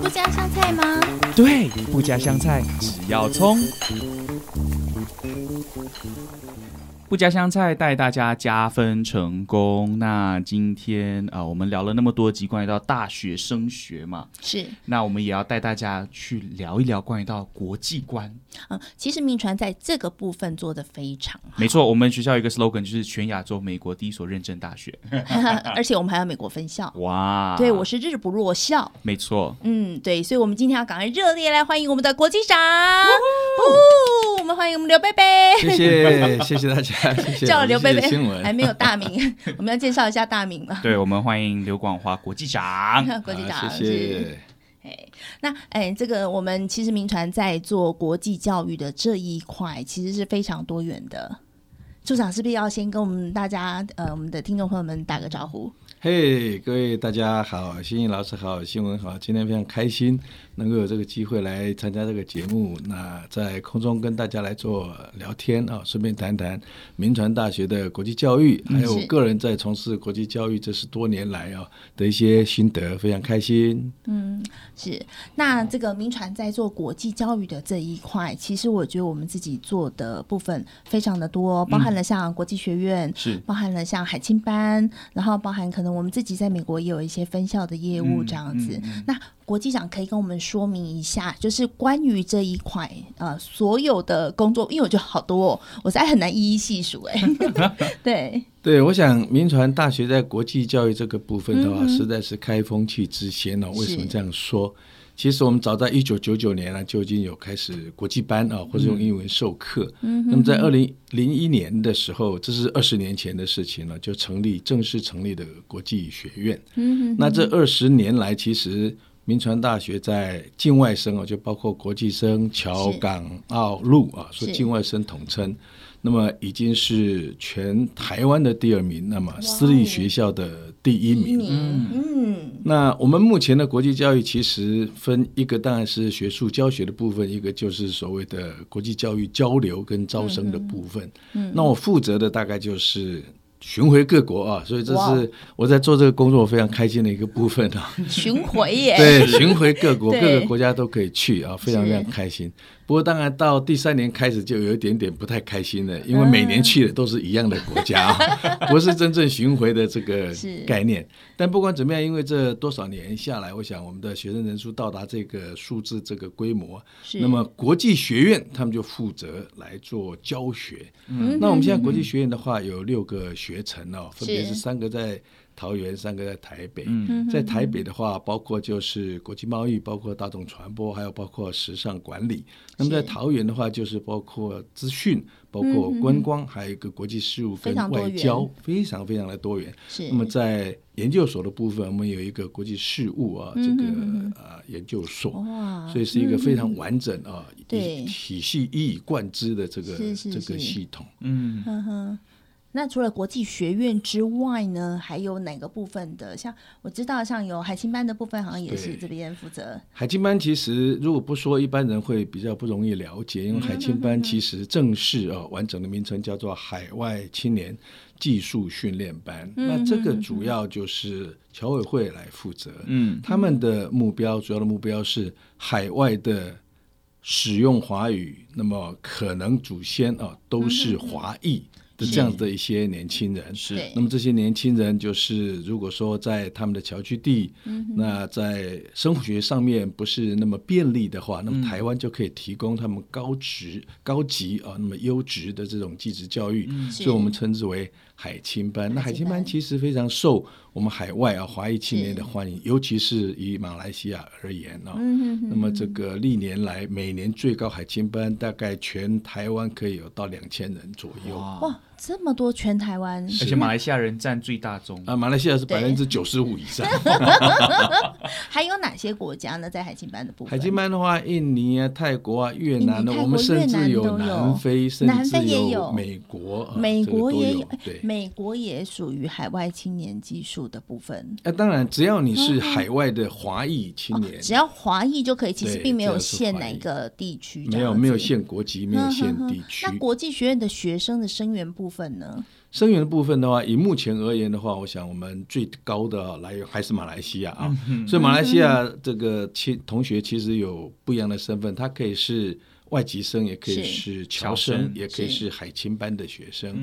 不加香菜嗎？對，不加香菜，只要蔥。不加香菜帶大家加分成功。那今天啊、呃，我們聊了那麼多集關於到大學升學嘛，是。那我們也要帶大家去聊一聊關於到國際觀。嗯，其實銘傳在這個部分做得非常好。沒錯，我們學校有一個 slogan 就是全亞洲美國第一所認證大學， 而且我們還有美國分校。哇！對，我是日不落校。沒錯。嗯，對，所以我們今天要趕快熱烈來歡迎我們的國際長。我們歡迎我們劉杯杯。謝謝，謝謝大家。 叫了劉杯杯，謝謝 還沒有大名， 我們要介紹一下大名吧？ 對，我們歡迎劉廣華國際長， 國際長，謝謝。那哎，這個我們其實銘傳在做國際教育的這一塊，其實是非常多元的。處長是不是要先跟我們大家，呃，我們的聽眾朋友們打個招呼？嘿、hey,，各位大家好，欣怡老師好，新聞好，今天非常開心。能夠有這個機會來參加這個節目，那在空中跟大家來做聊天啊，順便談談民傳大學的國際教育、嗯，還有我個人在從事國際教育，這十多年來啊的一些心得，非常開心。嗯，是。那這個銘傳在做國際教育的這一塊，其實我覺得我們自己做的部分非常的多，包含了像國際學院，是、嗯、包含了像海青班，然後包含可能我們自己在美國也有一些分校的業務這樣子。嗯嗯嗯、那國際長可以跟我們說明一下，就是關於這一塊，啊、呃、所有的工作，因為我覺得好多、哦，我實在很難一一細數哎。 對對，我想銘傳大學在國際教育這個部分的話，嗯、實在是開風氣之先哦。為什麼這樣說？其實我們早在一九九九年了、啊、就已經有開始國際班啊，或者用英文授課。嗯。那麼在二零零一年的時候，這是二十年前的事情了、啊，就成立正式成立的國際學院。嗯哼。那這二十年來，其實。銘傳大學在境外生就包括國際生、僑、港澳、陸。啊，說境外生統稱，那麼已經是全台灣的第二名，那麼私立學校的第一名。一名嗯嗯。那我們目前的國際教育其實分一個當然是學術教學的部分，一個就是所謂的國際教育交流跟招生的部分。嗯嗯。那我負責的大概就是。巡迴各國啊，所以這是我在做這個工作非常開心的一個部分啊。巡迴，對，巡迴各國，各個國家都可以去啊，非常非常開心。不過，當然到第三年開始就有一點點不太開心了，因為每年去的都是一樣的國家，哦，嗯、 不是真正巡回的這個概念。但不管怎麼樣，因為這多少年下來，我想我們的學生人數到達這個數字這個規模，那麼國際學院他們就負責來做教學。嗯嗯、那我們現在國際學院的話有六個學程哦，分別是三個在桃園三個在台北，嗯、在台北的話，包括就是國際貿易、嗯，包括大眾傳播，還有包括時尚管理。那麼在桃園的話，就是包括資訊，嗯、包括觀光、嗯，還有一個國際事務跟外交，非常非常，非常的多元。那麼在研究所的部分，我們有一個國際事務啊、嗯、這個啊研究所、嗯嗯，所以是一個非常完整啊、嗯、體系一以貫之的這個是是是這個系統。嗯呵呵那除了國際學院之外呢，還有哪個部分的？像我知道，像有海青班的部分，好像也是這邊負責。海青班其實如果不說，一般人會比較不容易了解，因為海青班其實正式啊、嗯哦、完整的名稱叫做海外青年技術訓練班、嗯哼哼。那這個主要就是僑委會來負責。嗯哼哼，他們的目標主要的目標是海外的使用華語，那麼可能祖先啊、哦、都是華裔。嗯哼哼是這樣子的一些年輕人，是、是、是。那麼這些年輕人就是，如果說在他們的僑居地、嗯，那在生活學上面不是那麼便利的話，嗯、那麼台灣就可以提供他們高職、嗯、高級啊、哦，那麼優質的這種技職教育、嗯，所以我們稱之為海青、海青班。那海青班其實非常受我們海外啊華裔青年的歡迎、嗯，尤其是以馬來西亞而言哦、嗯。那麼這個歷年來每年最高海青班大概全台灣可以有到兩千人左右。這麼多，全台灣，而且馬來西亞人占最大宗啊！馬來西亞是百分之九十五以上。 還有哪些國家呢？在海青班的部分？海青班的話，印尼啊、泰國啊、越南呢，我們甚至有南非，南非也有，甚至有美國，嗯、美國也有、啊這個都有欸，對，美國也屬於海外青年技術的部分。那、啊、當然，只要你是海外的華裔青年，嗯哦、只要華裔就可以，其實並沒有限哪一個地區，沒有沒有限國籍，沒有限地區。那國際學院的學生的生源部。部分呢，生源的部分的話，以目前而言的話，我想我們最高的來源還是馬來西亞啊，嗯、所以馬來西亞這個其同學其實有不一樣的身份、嗯，他可以是外籍生，也可以是僑生，生，也可以是海青班的學生。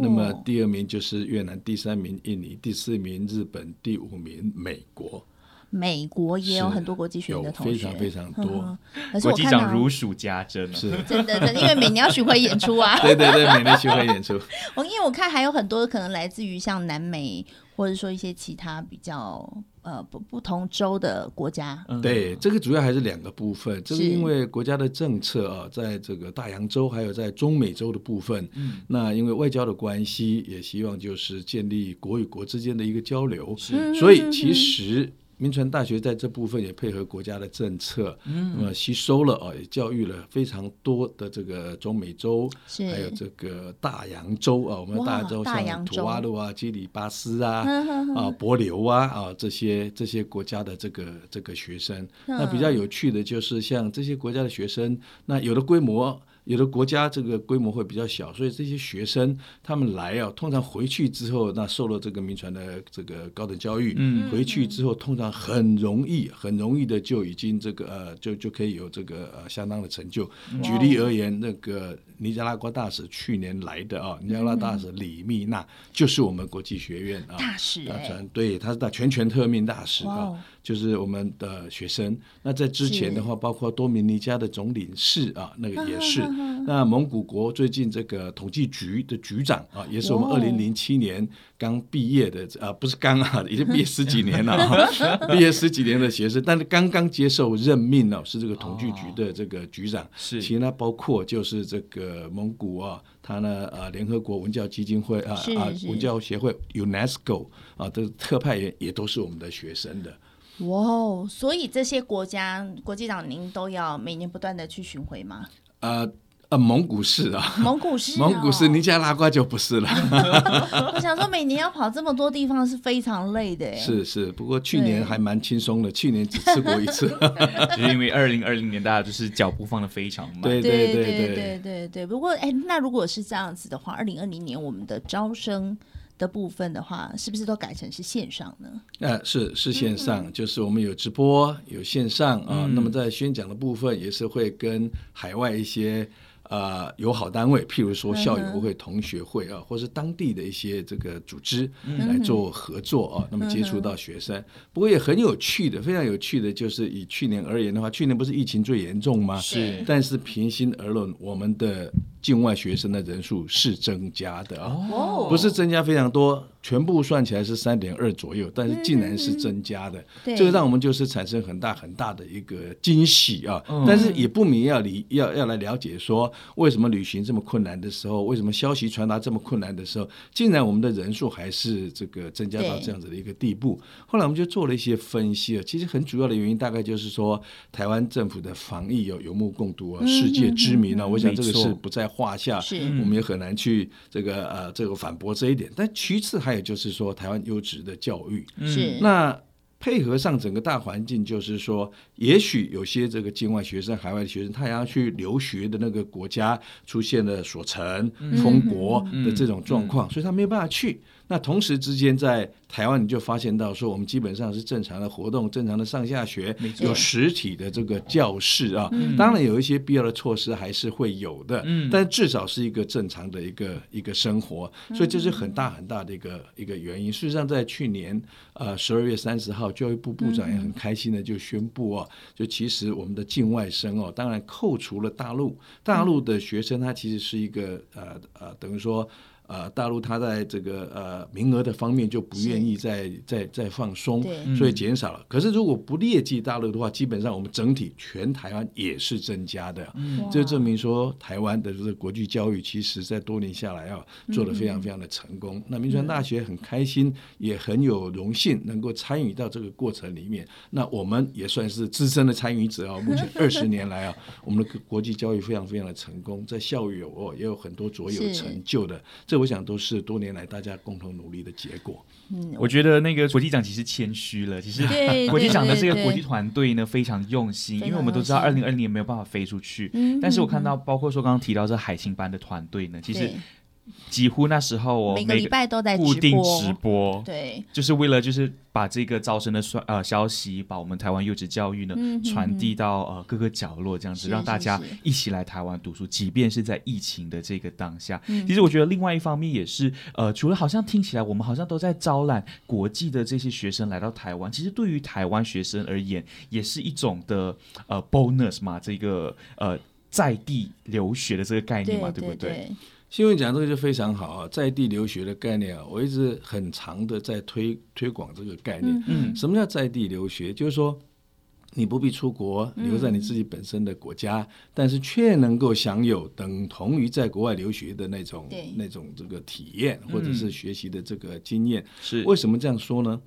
那麼第二名就是越南，第三名印尼，第四名日本，第五名美國。美國也有很多國際學院的同學，非常非常多。而且我看如數家珍，是 真的，真的，因為每年要巡迴演出啊， 對對對，每年巡迴演出。我 因為我看還有很多可能來自於像南美，或者說一些其他比較呃不不同州的國家、嗯。對，這個主要還是兩個部分，這是、個、因為國家的政策啊，在這個大洋洲還有在中美洲的部分。嗯、那因為外交的關係，也希望就是建立國與國之間的一個交流，所以其實。銘傳大學在這部分也配合國家的政策，那、嗯、麼、嗯、吸收了啊，也教育了非常多的這個中美洲，是還有這個大洋洲啊，我們大洋洲像吐瓦魯啊、基里巴斯啊、呵呵呵啊帛琉啊啊這些這些國家的這個這個學生、嗯。那比較有趣的就是像這些國家的學生，那有的規模。有的國家這個規模會比較小，所以這些學生他們來啊，通常回去之後，那受了這個銘傳的這個高等教育，嗯、回去之後通常很容易、很容易的就已經這個呃，就就可以有這個呃相當的成就。舉例而言，那個。尼加拉瓜大使去年來的啊，尼加拉瓜大使李密娜、嗯、就是我們國際學院、啊、大使、欸大，對，他是大全權特命大使啊，Wow，就是我們的學生。那在之前的話，包括多米尼加的總領事啊，那個也是。 那蒙古國最近這個統計局的局長啊，也是我們二零零七年。剛畢業的啊，不是剛啊，已經畢業十幾年了、啊。 畢業十幾年的學生，但是剛剛接受任命呢、啊，是這個統計局的這個局長。哦、是，其實呢，包括就是這個蒙古啊，他呢呃、啊，聯合國文教基金會啊啊，文教協會 UNESCO 啊，這個、特派員也，也都是我們的學生的。哇哦，所以這些國家國際長您都要每年不斷的去巡回嗎？啊、呃。呃、蒙古市啊，蒙古市、啊，蒙古市。 尼加拉瓜就不是了。 我想說，每年要跑這麼多地方是非常累的。 是是，不過去年還蠻輕鬆的，去年只吃過一次， 因為二零二零年大家就是腳步放的非常慢。對對對對對對對，對對。不過，哎、欸，那如果是這樣子的話，二零二零年我們的招生的部分的話，是不是都改成是線上呢？呃、啊，是是線上、嗯，就是我們有直播，有線上啊。嗯、那麼在宣講的部分，也是會跟海外一些。呃，友好單位，譬如說校友會、嗯、同學會啊，或是當地的一些這個組織來做合作啊，嗯、那麼接觸到學生、嗯。不過也很有趣的，非常有趣的，就是以去年而言的話，去年不是疫情最嚴重嗎？是。但是平心而論，我們的境外學生的人數是增加的啊、哦，不是增加非常多。全部算起來是三點二左右，但是竟然是增加的。嗯對，這個讓我們就是產生很大很大的一個驚喜啊！嗯、但是也不免要理要要來了解說，為什麼旅行這麼困難的時候，為什麼消息傳達這麼困難的時候，竟然我們的人數還是這個增加到這樣子的一個地步？後來我們就做了一些分析啊，其實很主要的原因大概就是說，台灣政府的防疫有、啊、有目共睹啊，世界知名啊、嗯嗯嗯嗯，我想這個是不在話下，我們也很難去這個呃這個反駁這一點。但其次還就是說，台灣優質的教育，嗯，那配合上整個大環境，就是說，也許有些這個境外學生、海外的學生，他要去留學的那個國家出現了鎖城封、嗯、國的這種狀況、嗯，所以他沒有辦法去。那同時之間，在台灣你就發現到說，我們基本上是正常的活動，正常的上下學，有實體的這個教室啊。當然有一些必要的措施還是會有的，但至少是一個正常的一個一個生活。所以這是很大很大的一個一個原因。事實上，在去年呃十二月三十號，教育部部長也很開心的就宣布啊、哦，就其實我們的境外生哦，當然扣除了大陸大陸的學生，他其實是一個呃呃等於說。呃，大陸它在這個呃名額的方面就不願意再再再放鬆，所以減少了、嗯。可是如果不列計大陸的話，基本上我們整體全台灣也是增加的、嗯，這就證明說台灣的這個國際教育其實在多年下來啊做得非常非常的成功、嗯。嗯、那銘傳大學很開心也很有榮幸能夠參與到這個過程裡面，那我們也算是資深的參與者啊。目前二十年來啊，我們的國際教育非常非常的成功，在校友哦也有很多卓有成就的這。我想都是多年來大家共同努力的結果。嗯，我覺得那個國際長其實謙虛了，其實國際長的這個國際團隊呢，非常用心，因為我們都知道二零二零年沒有辦法飛出去。但是我看到包括說剛剛提到這海星班的團隊呢，其實。幾乎那時候、哦，我每個禮拜都在固定直播，對，就是為了就是把這個招生的呃消息，把我們台灣優質教育呢、嗯、哼哼傳遞到呃各個角落，這樣子是是是是讓大家一起來台灣讀書，即便是在疫情的這個當下。嗯、其實我覺得，另外一方面也是呃，除了好像聽起來我們好像都在招攬國際的這些學生來到台灣，其實對於台灣學生而言，也是一種的呃 bonus 嘛，這個呃在地留學的這個概念嘛，對,對,對,對不對？新聞講這個就非常好啊，在地留學的概念啊，我一直很長的在推推廣這個概念。嗯，什麼叫在地留學？就是說，你不必出國，留在你自己本身的國家，嗯、但是卻能夠享有等同於在國外留學的那種那種這個體驗，或者是學習的這個經驗。是、嗯，為什麼這樣說呢？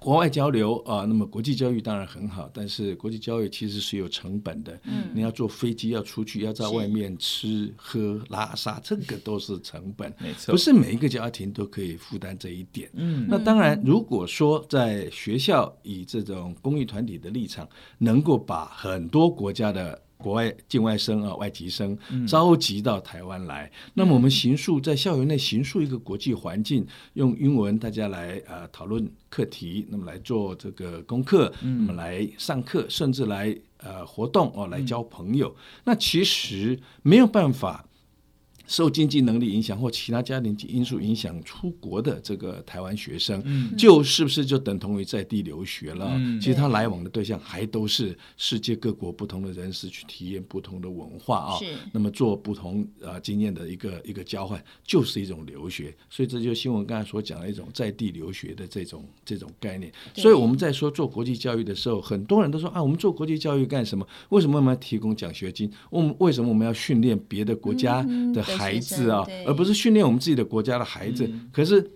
國外交流啊、呃，那麼國際教育當然很好，但是國際教育其實是有成本的。嗯、你要坐飛機要出去，要在外面吃喝拉撒，這個都是成本。沒錯，不是每一個家庭都可以負擔這一點。嗯，那當然，如果說在學校以這種公益團體的立場，能夠把很多國家的，國外境外生啊，外籍生召集到台灣來、嗯，那麼我們形塑在校園內形塑一個國際環境、嗯，用英文大家來呃討論課題，那麼來做這個功課，我、嗯、們來上課，甚至來呃活動哦，來交朋友、嗯。那其實沒有辦法。受經濟能力影響或其他家庭因素影響出國的這個台灣學生，就是不是就等同於在地留學了？其實他來往的對象還都是世界各國不同的人士，去體驗不同的文化啊、哦。那麼做不同啊經驗的一個一個交換，就是一種留學。所以這就是新聞剛才所講的一種在地留學的這種這種概念。所以我們在說做國際教育的時候，很多人都說啊，我們做國際教育幹什麼？為什麼我們要提供獎學金？我們為什麼我們要訓練別的國家的、嗯？嗯孩子啊，而不是訓練我們自己的國家的孩子。嗯、可是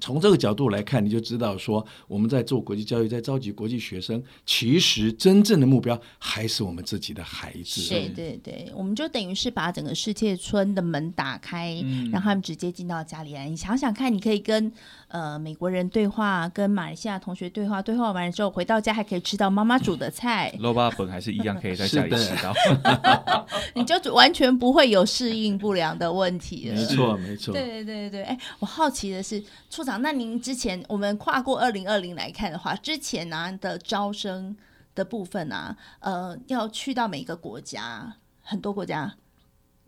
從這個角度來看，你就知道說，我們在做國際教育，在召集國際學生，其實真正的目標還是我們自己的孩子。對對對，我們就等於是把整個世界村的門打開，讓、嗯、他們直接進到家裡來。你想想看，你可以跟。呃，美國人對話跟馬來西亞同學對話，對話完了之後回到家還可以吃到媽媽煮的菜。羅巴粉還是一樣可以在家裡吃到， 是的 你就完全不會有適應不良的問題了。沒錯，沒錯。對對對對哎、欸，我好奇的是，處長，那您之前我們跨過二零二零來看的話，之前呢、啊、的招生的部分呢、啊，呃，要去到每個國家，很多國家。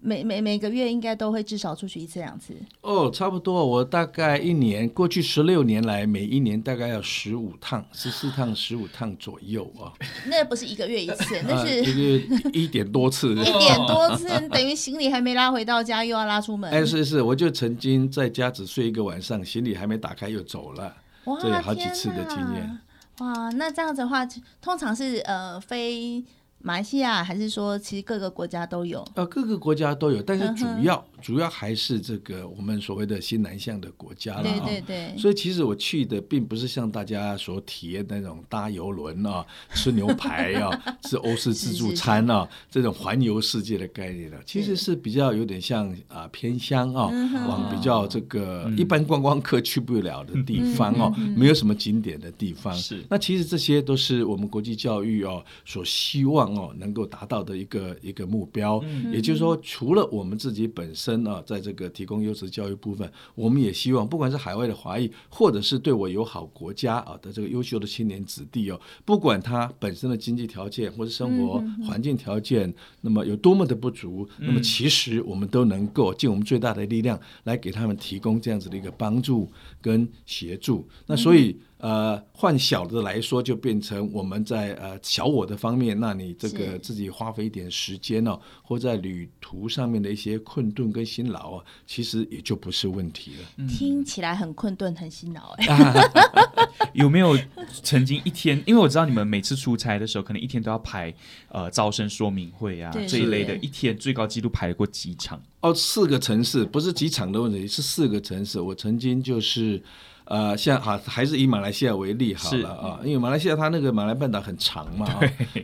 每每每個月應該都會至少出去一次兩次。哦、oh,，差不多，我大概一年過去十六年來，每一年大概要十五趟、十四趟、十 五趟左右啊、哦。那不是一個月一次，那 是一個月一點多次， 一點多次，等於行李還沒拉回到家，又要拉出門。 哎，是是，我就曾經在家只睡一個晚上，行李還沒打開又走了，哇這有好幾次的經驗、啊。哇，那這樣子的話，通常是呃飛。非馬來西亞還是說，其實各個國家都有啊，各個國家都有，但是主要、uh -huh. 主要還是這個我們所謂的新南向的國家了、哦，對對對。所以其實我去的並不是像大家所體驗那種搭遊輪啊、哦、 吃牛排啊、哦、 吃歐式自助餐啊、哦、 這種環遊世界的概念了，其實是比較有點像啊偏鄉啊、哦，uh -huh. 往比較這個一般觀光客去不了的地方哦，uh -huh. 沒有什麼景點的地方。是 那其實這些都是我們國際教育哦所希望。哦，能夠達到的一個一個目標，也就是說，除了我們自己本身啊，在這個提供優質教育部分，我們也希望，不管是海外的華裔，或者是對我友好國家啊的這個優秀的青年子弟哦，不管他本身的經濟條件或者生活環境條件，那麼有多麼的不足，那麼其實我們都能夠盡我們最大的力量來給他們提供這樣子的一個幫助跟協助。那所以。呃，換小的來說，就變成我們在呃小我的方面，那你這個自己花費一點時間哦，或在旅途上面的一些困頓跟辛勞啊，其實也就不是問題了。嗯、聽起來很困頓，很辛勞，哎、啊， 有沒有曾經一天？因為我知道你們每次出差的時候，可能一天都要排呃招生說明會啊這一類的，一天最高紀錄排過幾場？哦，四個城市，不是幾場的問題，是四個城市。我曾經就是。呃，像啊，還是以馬來西亞為例好了啊、嗯，因為馬來西亞它那個馬來半島很長嘛，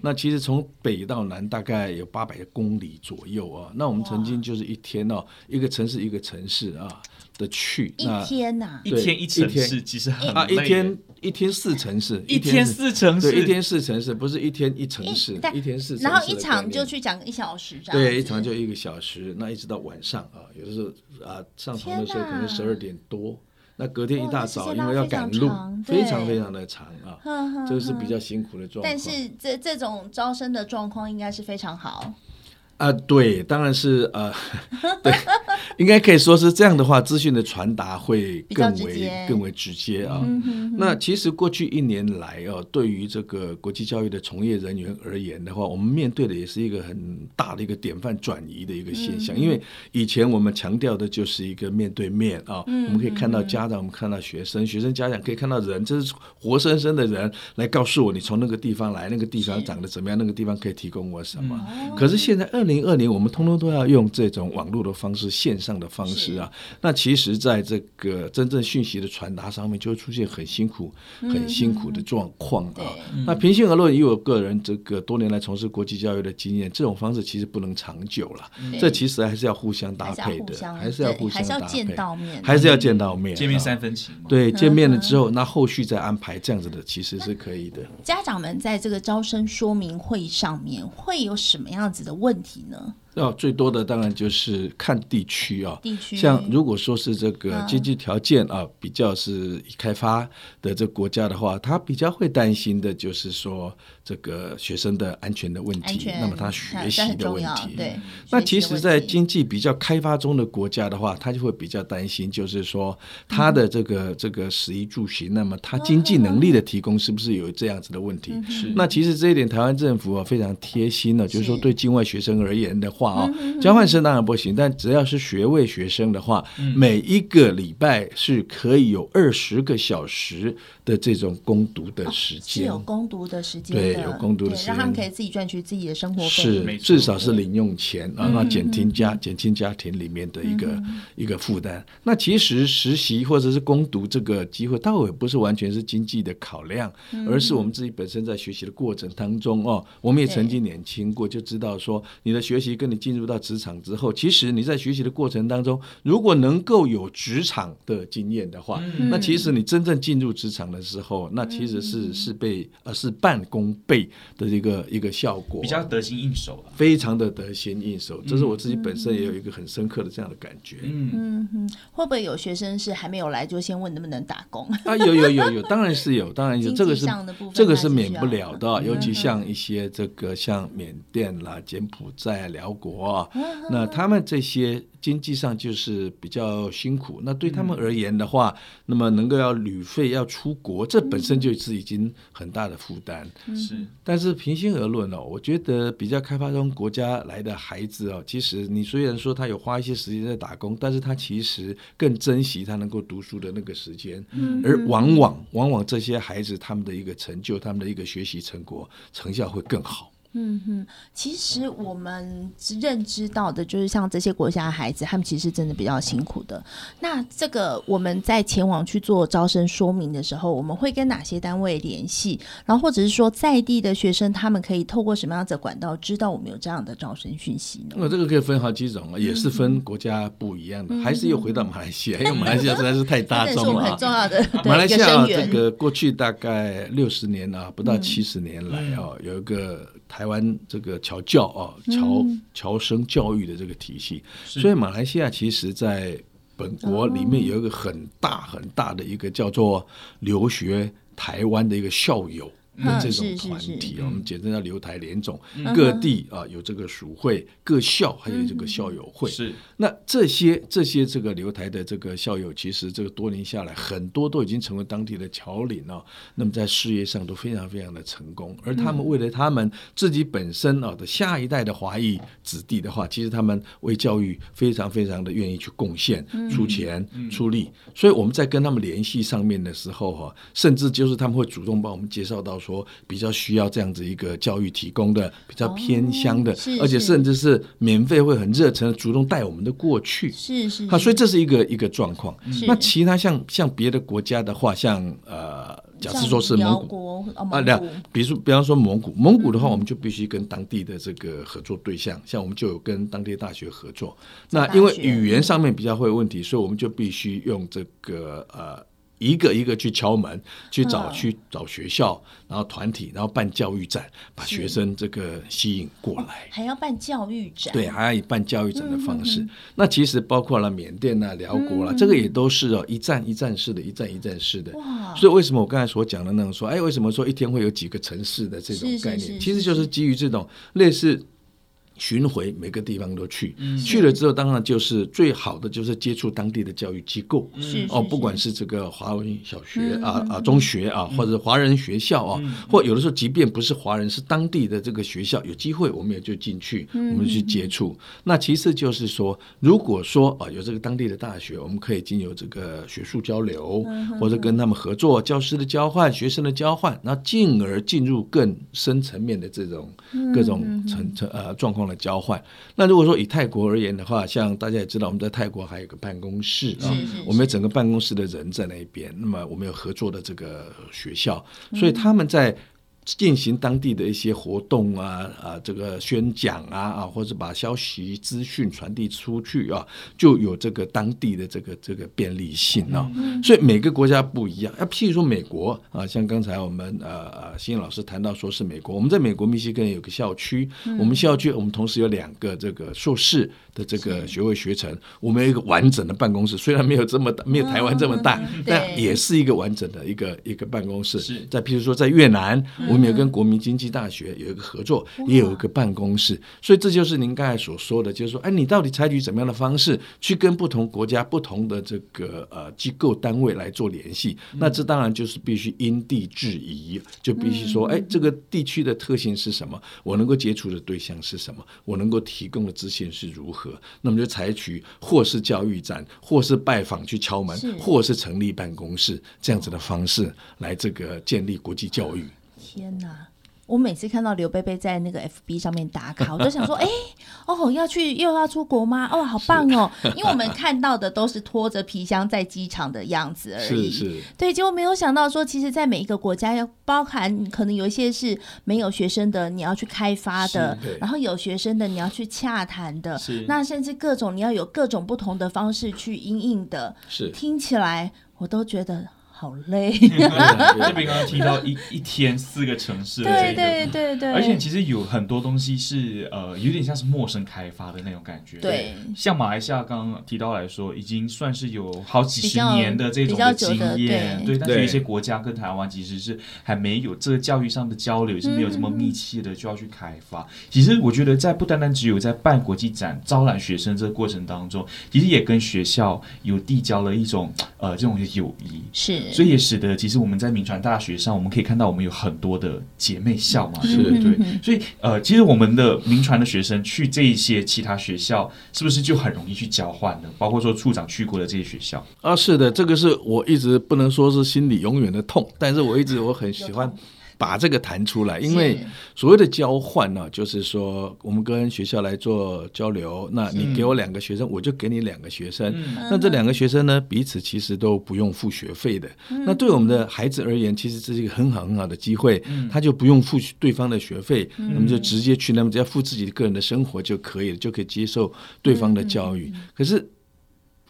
那其實從北到南大概有八百公里左右啊。那我們曾經就是一天哦，一個城市一個城市啊的去，一天吶、啊，一天一城市其實很啊，一天一天四城市，一天四城市，一天四，對一天四城市，不是一天一城市，一，對一天四城市。然後一場就去講一小時這樣，對，一場就一個小時，那一直到晚上啊，有的時候啊，上床的時候可能十二點多。那隔天一大早，因為要趕路，非常非常的長啊，這是比較辛苦的狀況。但是這這種招生的狀況應該是非常好。啊，對，當然是呃、啊，對， 應該可以說是這樣的話，資訊的傳達會更為更為直接啊、嗯哼哼。那其實過去一年來哦、啊，對於這個國際教育的從業人員而言的話，我們面對的也是一個很大的一個典範轉移的一個現象。嗯、因為以前我們強調的就是一個面對面啊，嗯、哼哼我們可以看到家長，我們看到學生，嗯、哼哼學生家長可以看到人，這、就是活生生的人來告訴我你從那個地方來，那個地方長得怎麼樣，那個地方可以提供我什麼。嗯、可是現在二。零二年我們通通都要用這種網絡的方式、線上的方式啊。那其實，在這個真正訊息的傳達上面，就會出現很辛苦、很辛苦的狀況啊。那平心而論，以我個人這個多年來從事國際教育的經驗，這種方式其實不能長久了。這其實還是要互相搭配的，還是要互相搭配，還是要見到面，還是要見到面，見面三分情。對，見面了之後，那後續再安排這樣子的，其實是可以的。家長們在這個招生說明會上面會有什麼樣子的問題？要最多的當然就是看地區啊，像如果說是這個經濟條件啊，比較是已開發的這個國家的話，他比較會擔心的就是說，這個學生的安全的問題，那麼他學習的問題，對。那其實，在經濟比較開發中的國家的話，的他就會比較擔心，就是說他的這個、嗯、這個食衣住行，那麼他經濟能力的提供是不是有這樣子的問題？哦、是，是。那其實這一點，台灣政府啊非常貼心的，就是說對境外學生而言的話啊，交換生當然不行，但只要是學位學生的話，嗯、每一個禮拜是可以有二十個小時的這種工讀的時間，哦、是有工讀的時間的。對。有工讀，讓他們可以自己賺取自己的生活費，是至少是零用錢，然後減輕家減輕家庭裡面的一個一個負擔。那其實實習或者是工讀這個機會，倒也不是完全是經濟的考量，而是我們自己本身在學習的過程當中哦，我們也曾經年輕過，就知道說你的學習跟你進入到職場之後，其實你在學習的過程當中，如果能夠有職場的經驗的話，那其實你真正進入職場的時候，那其實是是被呃是辦公。背的一個一個效果，比較得心應手了，啊，非常的得心應手，嗯，這是我自己本身也有一個很深刻的這樣的感覺。嗯嗯嗯，會不會有學生是還沒有來就先問能不能打工？ 啊，有有有有，當然是有，當然有。的部分這個是，是這個是免不了的，啊啊，尤其像一些這個像緬甸啦、柬埔寨、啊、寮國、啊啊，那他們這些。經濟上就是比較辛苦，那對他們而言的話，嗯、那麼能夠要旅費要出國，這本身就是已經很大的負擔。是、嗯，但是平心而論哦，我覺得比較開發中國家來的孩子哦，其實你雖然說他有花一些時間在打工，但是他其實更珍惜他能夠讀書的那個時間，而往往往往這些孩子他們的一個成就，他們的一個學習成果成效會更好。嗯哼，其實我們認知到的就是像這些國家的孩子，他們其實真的比較辛苦的。那這個我們在前往去做招生說明的時候，我們會跟哪些單位聯繫？然後或者是說在地的學生，他們可以透過什麼樣的管道知道我們有這樣的招生訊息呢？那、哦、這個可以分好幾種，也是分國家不一樣的，嗯、還是又回到馬來西亞，因為馬來西亞實在是太大眾了。 很重要的 馬來西亞這個過去大概六十年啊，不到七十年來啊，嗯、有一個。台灣這個僑教啊，僑僑生教育的這個體系，嗯、所以馬來西亞其實在本國裡面有一個很大很大的一個叫做留學台灣的一個校友的這種團體，啊哦，我們簡稱叫留台聯總，嗯、各地啊有這個屬會、各校，還有這個校友會。嗯、是那這些這些這個留台的這個校友，其實這個多年下來，很多都已經成為當地的僑領哦。那麼在事業上都非常非常的成功，而他們為了他們自己本身啊的下一代的華裔子弟的話，其實他們為教育非常非常的願意去貢獻、出錢、嗯、出力。所以我們在跟他們聯繫上面的時候哈，甚至就是他們會主動幫我們介紹到說。說比較需要這樣子一個教育提供的比較偏鄉的、哦，而且甚至是免費，會很熱誠的主動帶我們的過去。是是。好，所以這是一個一個狀況。那其他像像別的國家的話，像呃，假設說是蒙古國啊，那、啊、比如說比方說蒙古，蒙古的話，嗯、我們就必須跟當地的這個合作對象，像我們就有跟當地大學合作。那因為語言上面比較會有問題，所以我們就必須用這個呃。一個一個去敲門，去找、嗯、去找學校，然後團體，然後辦教育展，把學生這個吸引過來、哦，還要辦教育展，對，還要以辦教育展的方式。嗯、哼哼，那其實包括了緬甸啊、寮國啦、啊嗯、這個也都是哦，一站一站式的，一站一站式的。哇，所以為什麼我剛才所講的那種說，哎，為什麼說一天會有幾個城市的這種概念，是是是是，其實就是基於這種類似。巡迴每個地方都去、嗯，去了之後當然就是最好的，就是接觸當地的教育機構，哦，不管是這個華文小學、嗯、啊啊中學啊，嗯、或者華人學校啊、哦嗯，或者有的時候即便不是華人、嗯，是當地的這個學校，嗯、有機會我們也就進去，我們去接觸、嗯。那其次就是說，如果說啊有這個當地的大學，我們可以經由這個學術交流、嗯，或者跟他們合作，教師的交換、嗯，學生的交換，那進而進入更深層面的這種各種層層、嗯、呃狀況。交換。那如果說以泰國而言的話，像大家也知道，我們在泰國還有個辦公室啊，是是是我們有整個辦公室的人在那邊，那麼我們有合作的這個學校，所以他們在。進行當地的一些活動啊啊，這個宣講啊啊，或者把消息資訊傳遞出去啊，就有這個當地的這個這個便利性啊。所以每個國家不一樣啊，譬如說美國啊，像剛才我們呃呃、啊，新老師談到說是美國，我們在美國密西根有個校區，我們校區我們同時有兩個這個碩士。的這個學位學程，我們有一個完整的辦公室，雖然沒有這麼大，沒有台灣這麼大，嗯，但也是一個完整的一個一個辦公室是。在譬如說在越南，嗯，我們有跟國民經濟大學有一個合作，嗯，也有一個辦公室。所以這就是您剛才所說的，就是說，哎，你到底採取怎麼樣的方式去跟不同國家、不同的這個呃機構單位來做聯繫，嗯？那這當然就是必須因地制宜，就必須說，哎，這個地區的特性是什麼？我能夠接觸的對象是什麼？我能夠提供的資訊是如何？那麼就採取或是教育展，或是拜訪去敲門，或是成立辦公室這樣子的方式來這個建立國際教育。天哪！我每次看到劉杯杯在那個 FB 上面打卡，我都想說：哎、欸，哦，要去又要出國嗎？哦，好棒哦！因為我們看到的都是拖着皮箱在機場的樣子而已。是，是。對，結果沒有想到說，其實，在每一個國家，要包含可能有一些是沒有學生的，你要去開發的；然後有學生的，你要去洽談的；那甚至各種你要有各種不同的方式去因應的。聽起來我都覺得好累。 這邊剛剛提到一一天四個城市的這個，對，對對對。而且其實有很多東西是呃，有點像是陌生開發的那種感覺。對。像馬來西亞剛剛提到來說，已經算是有好幾十年的這種的經驗。對，對。但是有一些國家跟台灣其實是還沒有這個教育上的交流，是沒有這麼密切的，就要去開發。嗯。其實我覺得在不單單只有在辦國際展、招攬學生這個過程當中，其實也跟學校有遞交了一種呃這種友誼。是。所以也使得其實我們在銘傳大學上，我們可以看到我們有很多的姐妹校嘛，是對不對？ 所以呃，其實我們的銘傳的學生去這一些其他學校，是不是就很容易去交換呢？包括說處長去過的這些學校啊，是的，這個是我一直不能說是心裡永遠的痛，但是我一直我很喜歡。把這個談出來，因為所謂的交換呢、啊，就是說我們跟學校來做交流。那你給我兩個學生，我就給你兩個學生、嗯。那這兩個學生呢，彼此其實都不用付學費的、嗯。那對我們的孩子而言，其實這是一個很好很好的機會。嗯、他就不用付對方的學費、嗯，那麼就直接去，那麼只要付自己個人的生活就可以了，就可以接受對方的教育。嗯、可是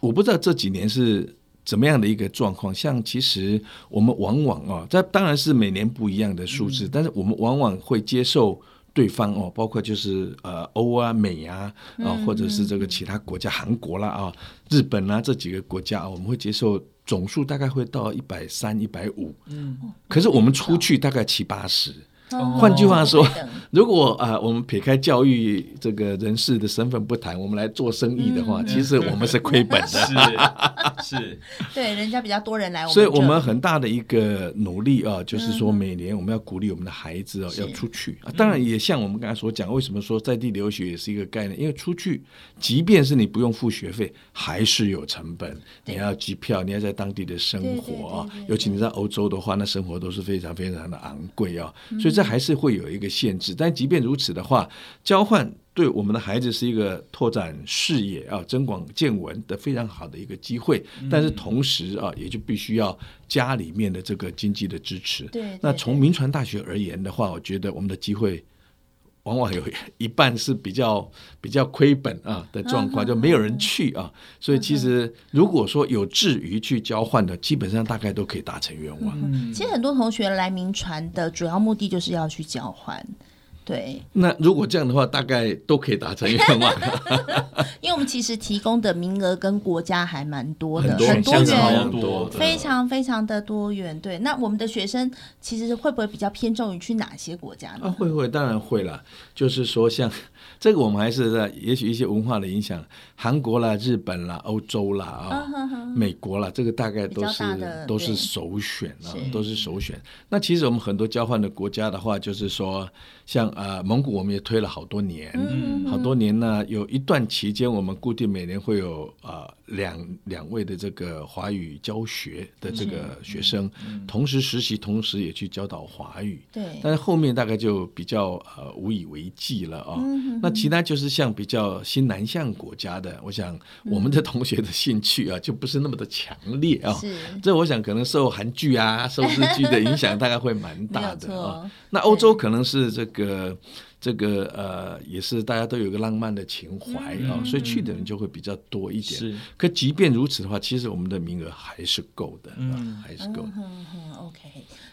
我不知道這幾年是。什麼樣的一個狀況？像其實我們往往哦，這當然是每年不一樣的數字，嗯、但是我們往往會接受對方哦，包括就是呃歐啊、美啊，啊、呃嗯、或者是這個其他國家、韓國啦、啊、哦、日本啊這幾個國家，我們會接受總數大概會到一百三、一百五，嗯，可是我們出去大概七八十。換、哦、句話說，哦、如果啊、呃，我們撇開教育這個人士的身份不談，我們來做生意的話，嗯、其實我們是虧本的。是，是 對，人家比較多人來，所以我們很大的一個努力啊，嗯、就是說每年我們要鼓勵我們的孩子哦、啊嗯，要出去。啊、當然，也像我們剛才所講，為什麼說在地留學也是一個概念？因為出去，即便是你不用付學費，還是有成本，你要機票，你要在當地的生活啊。對對對對對對，尤其你在歐洲的話，那生活都是非常非常的昂貴啊、嗯，所以。這還是會有一個限制，但即便如此的話，交換對我們的孩子是一個拓展視野啊、增廣見聞的非常好的一個機會。但是同時啊，也就必須要家裡面的這個經濟的支持。對、嗯，那從銘傳大學而言的話，我覺得我們的機會。往往有一半是比較比較虧本啊的狀況、嗯，就沒有人去啊、嗯。所以其實如果說有志於去交換的、嗯，基本上大概都可以達成願望、嗯。其實很多同學來銘傳的主要目的就是要去交換。對，那如果這樣的話，大概都可以達成一個嗎？ 因為我們其實提供的名額跟國家還蠻多的，很多元很多的對，非常非常的多元。對，那我們的學生其實會不會比較偏重於去哪些國家呢？啊，會會，當然會啦。就是說像，像這個，我們還是在也許一些文化的影響，韓國啦、日本啦、歐洲啦、哦、啊哈哈、美國啦，這個大概都是比較大的都是首選啊、嗯，都是首選。那其實我們很多交換的國家的話，就是說。像呃蒙古我們也推了好多年，嗯、好多年呢、嗯，有一段期間我們固定每年會有呃兩兩位的這個華語教學的這個學生、嗯，同時實習，同時也去教導華語。對。但是後面大概就比較呃無以為繼了啊、哦嗯。那其他就是像比較新南向國家的，我想我們的同學的興趣啊、嗯、就不是那麼的強烈啊、哦。是。這我想可能受韓劇啊、受日劇的影響，大概會蠻大的啊、哦。 那歐洲可能是這個。個這個、這個、呃，也是大家都有一個浪漫的情懷啊、嗯哦嗯，所以去的人就會比較多一點。可即便如此的話，其實我們的名額還是夠的，嗯，啊、還是夠的。嗯嗯,嗯,嗯,嗯，OK。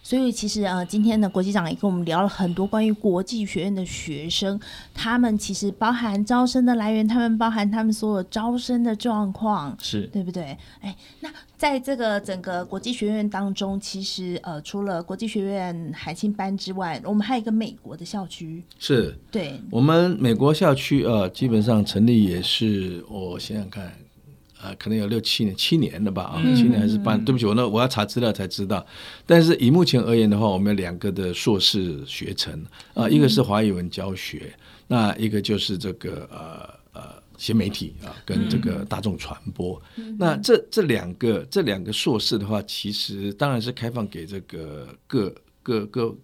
所以其實啊、呃，今天呢國際長也跟我們聊了很多關於國際學院的學生。他們其實包含招生的來源，他們包含他們所有招生的狀況，是對不對？哎，那在這個整個國際學院當中，其實呃，除了國際學院海青班之外，我們還有一個美國的校區。是，對，我們美國校區呃，基本上成立也是，嗯、我想想看、呃，可能有六七年、七年了吧？啊，嗯、七年還是八、嗯、對不起，我那我要查資料才知道。但是以目前而言的話，我們有兩個的碩士學程啊、呃嗯，一個是華語文教學。那一個就是這個呃呃新媒體啊，跟這個大眾傳播。嗯、那這這兩個這兩個碩士的話，其實當然是開放給這個各各各各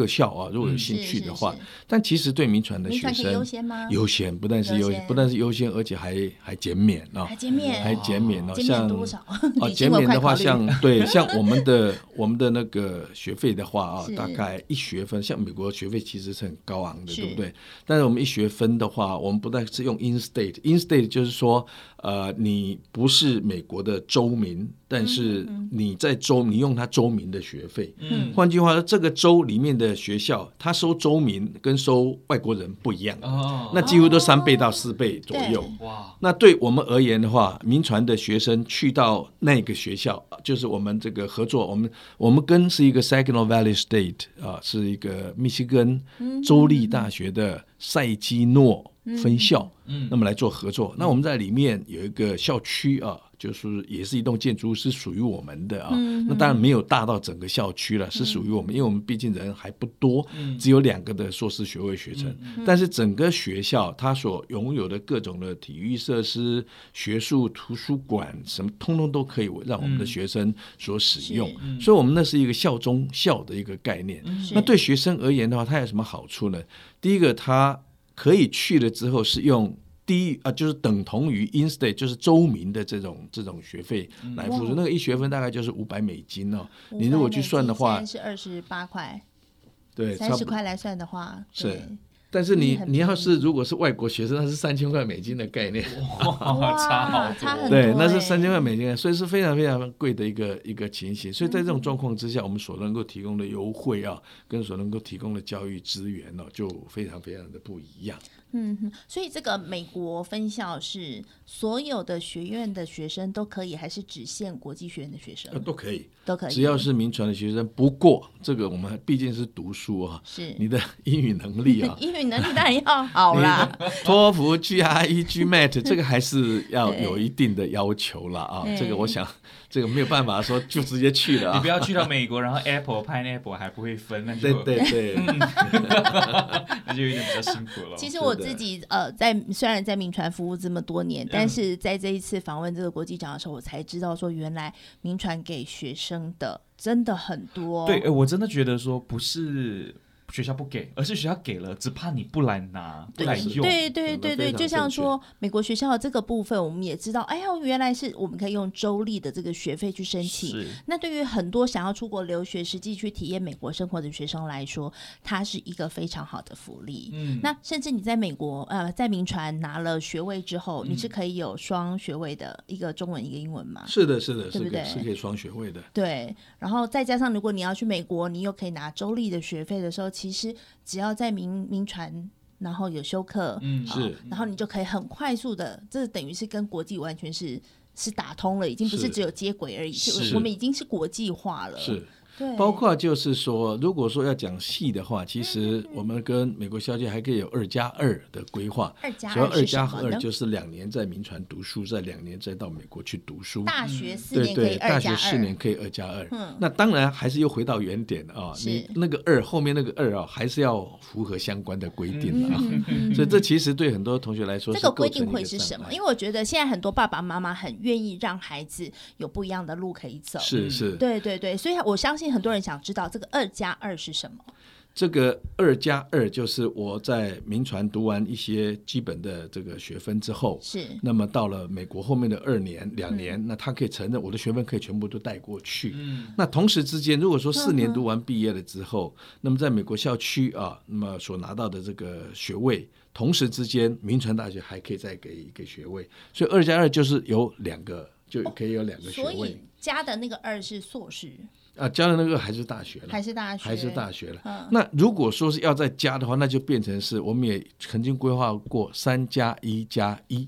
特效啊，如果有興趣的話，嗯、但其實對銘傳的學生優先嗎？優先，不但是優，不但是優先，而且還還減免啊，還減免，還減免哦。嗯、免哦哦像啊，減免多少、？, 哦、減免的話像，像對 像我們的我們的那個學費的話啊，大概一學分，像美國學費其實是很高昂的，對不對？但是我們一學分的話，我們不但是用 in state，in state 就是說。呃，你不是美國的州民，但是你在州，嗯嗯、你用他州民的學費。嗯，換句話說，這個州裡面的學校，他收州民跟收外國人不一樣。哦，那幾乎都三倍到四倍左右。哇、哦，那對我們而言的話，銘傳的學生去到那個學校，就是我們這個合作，我們我們跟是一個 Saginaw Valley State 啊、呃，是一個密西根州立大學的塞基諾。嗯嗯分校，嗯嗯，那麼來做合作，嗯。那我們在裡面有一個校區啊，就是也是一棟建築是屬於我們的啊。嗯嗯，那當然沒有大到整個校區了，嗯，是屬於我們，因為我們畢竟人還不多，嗯、只有兩個的碩士學位學程，嗯嗯，但是整個學校它所擁有的各種的體育設施、學術圖書館什麼，通通都可以讓我們的學生所使用。嗯嗯，所以我們那是一個校中校的一個概念，嗯。那對學生而言的話，它有什麼好處呢？第一個，它可以去了之後是用低啊，就是等同於 in-state 就是州民的這種這種學費來付出、嗯。那個一學分大概就是、哦、五百美金哦。你如果去算的話，是二十八塊，對，三十塊來算的話，是。但是你，你要是如果是外國學生，那是三千塊美金的概念，哇， 哇，差好多，差很多欸，對，那是三千塊美金，所以是非常非常貴的一個一個情形。所以在這種狀況之下嗯嗯，我們所能夠提供的優惠啊，跟所能夠提供的教育資源呢、啊，就非常非常的不一樣。嗯哼，所以這個美國分校是所有的學院的學生都可以，還是只限國際學院的學生？都可以，都可以，只要是銘傳的學生。不過這個我們畢竟是讀書啊，是你的英語能力啊， 英語能力當然要好啦。 托福、GRE、GMAT 這個還是要有一定的要求了啊，這個我想。這個沒有辦法說就直接去了 你不要去到美國， 然後 Apple、Pineapple 還不會分， 那就對對對，那就有點比較辛苦了。 其實我自己 呃，在雖然在銘傳服務這麼多年、嗯，但是在這一次訪問這個國際長的時候，我才知道說原來銘傳給學生的真的很多、哦。對，哎、呃，我真的覺得說不是，學校不給，而是學校給了，只怕你不來拿，對，不來用，對對對，對，就像說美國學校的這個部分，我們也知道，哎呀，原來是我們可以用州立的這個學費去申請。那對於很多想要出國留學、實際去體驗美國生活的學生來說，它是一個非常好的福利。嗯，那甚至你在美國，呃，在銘傳拿了學位之後、嗯，你是可以有雙學位的，一個中文一個英文嘛？是的，是的，對不對是？是可以雙學位的。對，然後再加上如果你要去美國，你又可以拿州立的學費的時候。其實只要在銘銘傳，然後有修課，嗯、啊，然後你就可以很快速的，這等於是跟國際完全是是打通了，已經不是只有接軌而已是，是，我們已經是國際化了，對，包括就是說，如果說要講細的話、嗯，其實我們跟美國小姐還可以有二加二的規劃。二加二。二加二就是兩年在銘傳讀書，在兩年再到美國去讀書。大學四年,、嗯、年可以二加二。大學四年可以二加二。那當然還是又回到原點啊。嗯、你那個二後面那個二啊，還是要符合相關的規定啊。 所以這其實對很多同學來說，這個規定會是什麼？因為我覺得現在很多爸爸媽媽很願意讓孩子有不一樣的路可以走。是是、嗯。對對對，所以我相信。最近很多人想知道這個二加二是什麼？這個二加二就是我在銘傳讀完一些基本的這個學分之後，是那麼到了美國後面的二年兩、嗯、年，那他可以承認我的學分可以全部都帶過去、嗯。那同時之間，如果說四年讀完畢業了之後、嗯，那麼在美國校區啊，那麼所拿到的這個學位，同時之間，銘傳大學還可以再給一個學位，所以二加二就是有兩個就可以有兩個學位，哦、所以加的那個二是碩士。啊，加的那個還是大學了，還是大學，還是大學了、嗯。那如果說是要再加的話，那就變成是我們也曾經規劃過三加一加一，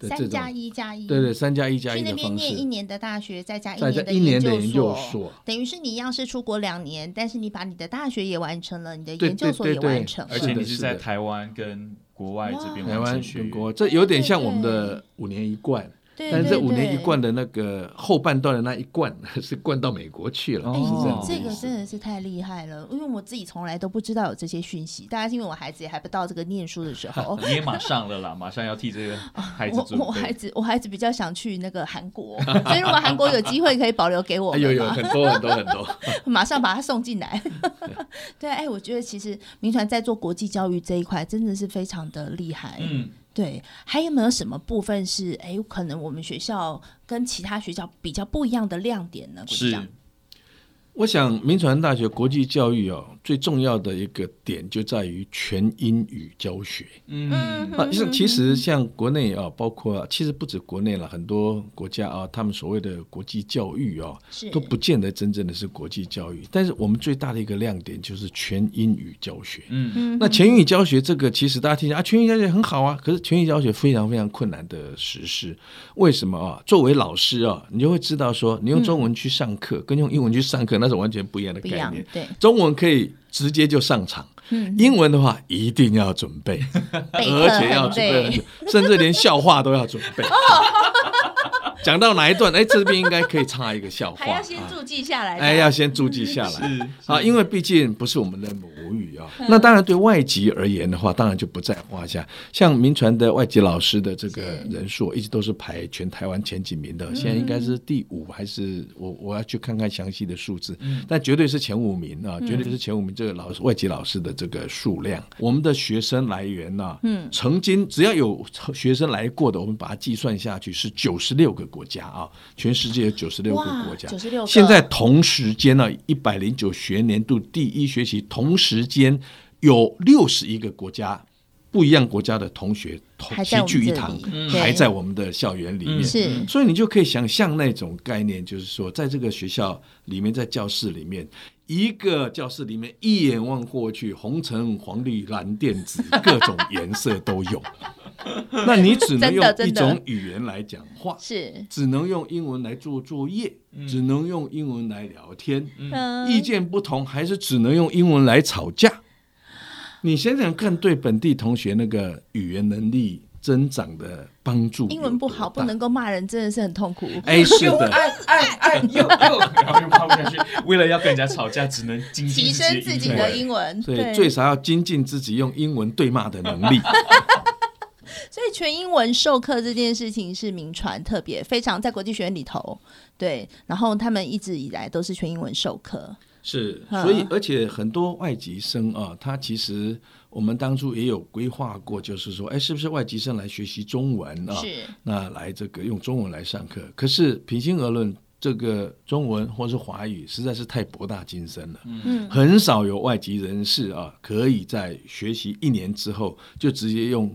三加一加一，對對，三加一加一去那邊念一年的大學，再加一年的研究所，究所等於是你一樣是出國兩年，但是你把你的大學也完成了，你的研究所也完成了，而且你是在台灣跟國外這邊，台灣跟國外，這有點像我們的五年一貫。對對對。對對對，但這五年一貫的那個後半段的那一貫是貫到美國去了，哦、哎，這個真的是太厲害了，因為我自己從來都不知道有這些訊息。大家是因為我孩子也還不到這個唸書的時候，你 也馬上了啦，馬上要替這個孩子 我。我我孩子我孩子比較想去那個韓國， 所以如果韓國有機會，可以保留給我、 哎、有有很多很多很多，很多 馬上把他送進來。 對，哎，我覺得其實銘傳在做國際教育這一塊，真的是非常的厲害。嗯。對，還有沒有什麼部分是，哎，可能我們學校跟其他學校比較不一樣的亮點呢？是。我想，銘傳大學國際教育哦、啊，最重要的一個點就在於全英語教學。嗯，啊，其實像國內啊，包括、啊、其實不止國內了，很多國家啊，他們所謂的國際教育哦、啊，都不見得真正的是國際教育。但是我們最大的一個亮點就是全英語教學。嗯嗯。那全英語教學這個，其實大家聽見啊，全英語教學很好啊，可是全英語教學非常非常困難的實施。為什麼啊？作為老師啊，你就會知道說，你用中文去上課、嗯，跟用英文去上課那。那是完全不一樣的概念。對，中文可以直接就上場，嗯，英文的話一定要準備，而且要準備，甚至連笑話都要準備。 講到哪一段？哎，這邊應該可以插一個笑話。還要先注記下來、啊。哎，要先注記下來。 是,是啊，因為畢竟不是我們的母語啊、哦。 那當然，對外籍而言的話，當然就不在話下。像銘傳的外籍老師的這個人數，一直都是排全台灣前幾名的。嗯、現在應該是第五還是我我要去看看詳細的數字、嗯。但絕對是前五名啊，絕對是前五名。這個老師外籍老師的這個數量，嗯、我們的學生來源呢？嗯，曾經只要有學生來過的，我們把它計算下去是九十六個。國家啊，全世界有九十六個國家，九十六。現在同時間呢，一百零九學年度第一學期同時間有六十一個國家不一樣國家的同學同齊聚一堂，還在我們的校園裡面。所以你就可以想象那種概念，就是說，在這個學校裡面，在教室裡面。一個教室裡面一眼望過去，紅橙黃綠藍靛紫，各種顏色都有。 那你只能用一種語言來講話，是 只能用英文來做作業，只能用英文來聊天，嗯、意見不同還是只能用英文來吵架。你想想看，對本地同學那個語言能力。增長的幫助。英文不好，不能夠罵人，真的是很痛苦。哎、欸，是的 為了要跟人家吵架，只能精提升自己的英文對，所以最少要精進自己用英文對罵的能力。 所以全英文授課這件事情是銘傳，特別非常在國際學院裡頭，對。然後他們一直以來都是全英文授課。是，所以而且很多外籍生啊，他其實。我們當初也有規劃過，就是說，哎，是不是外籍生來學習中文啊？是。那來這個用中文來上課。可是平心而論，這個中文或是華語實在是太博大精深了。嗯。很少有外籍人士啊，可以在學習一年之後就直接用。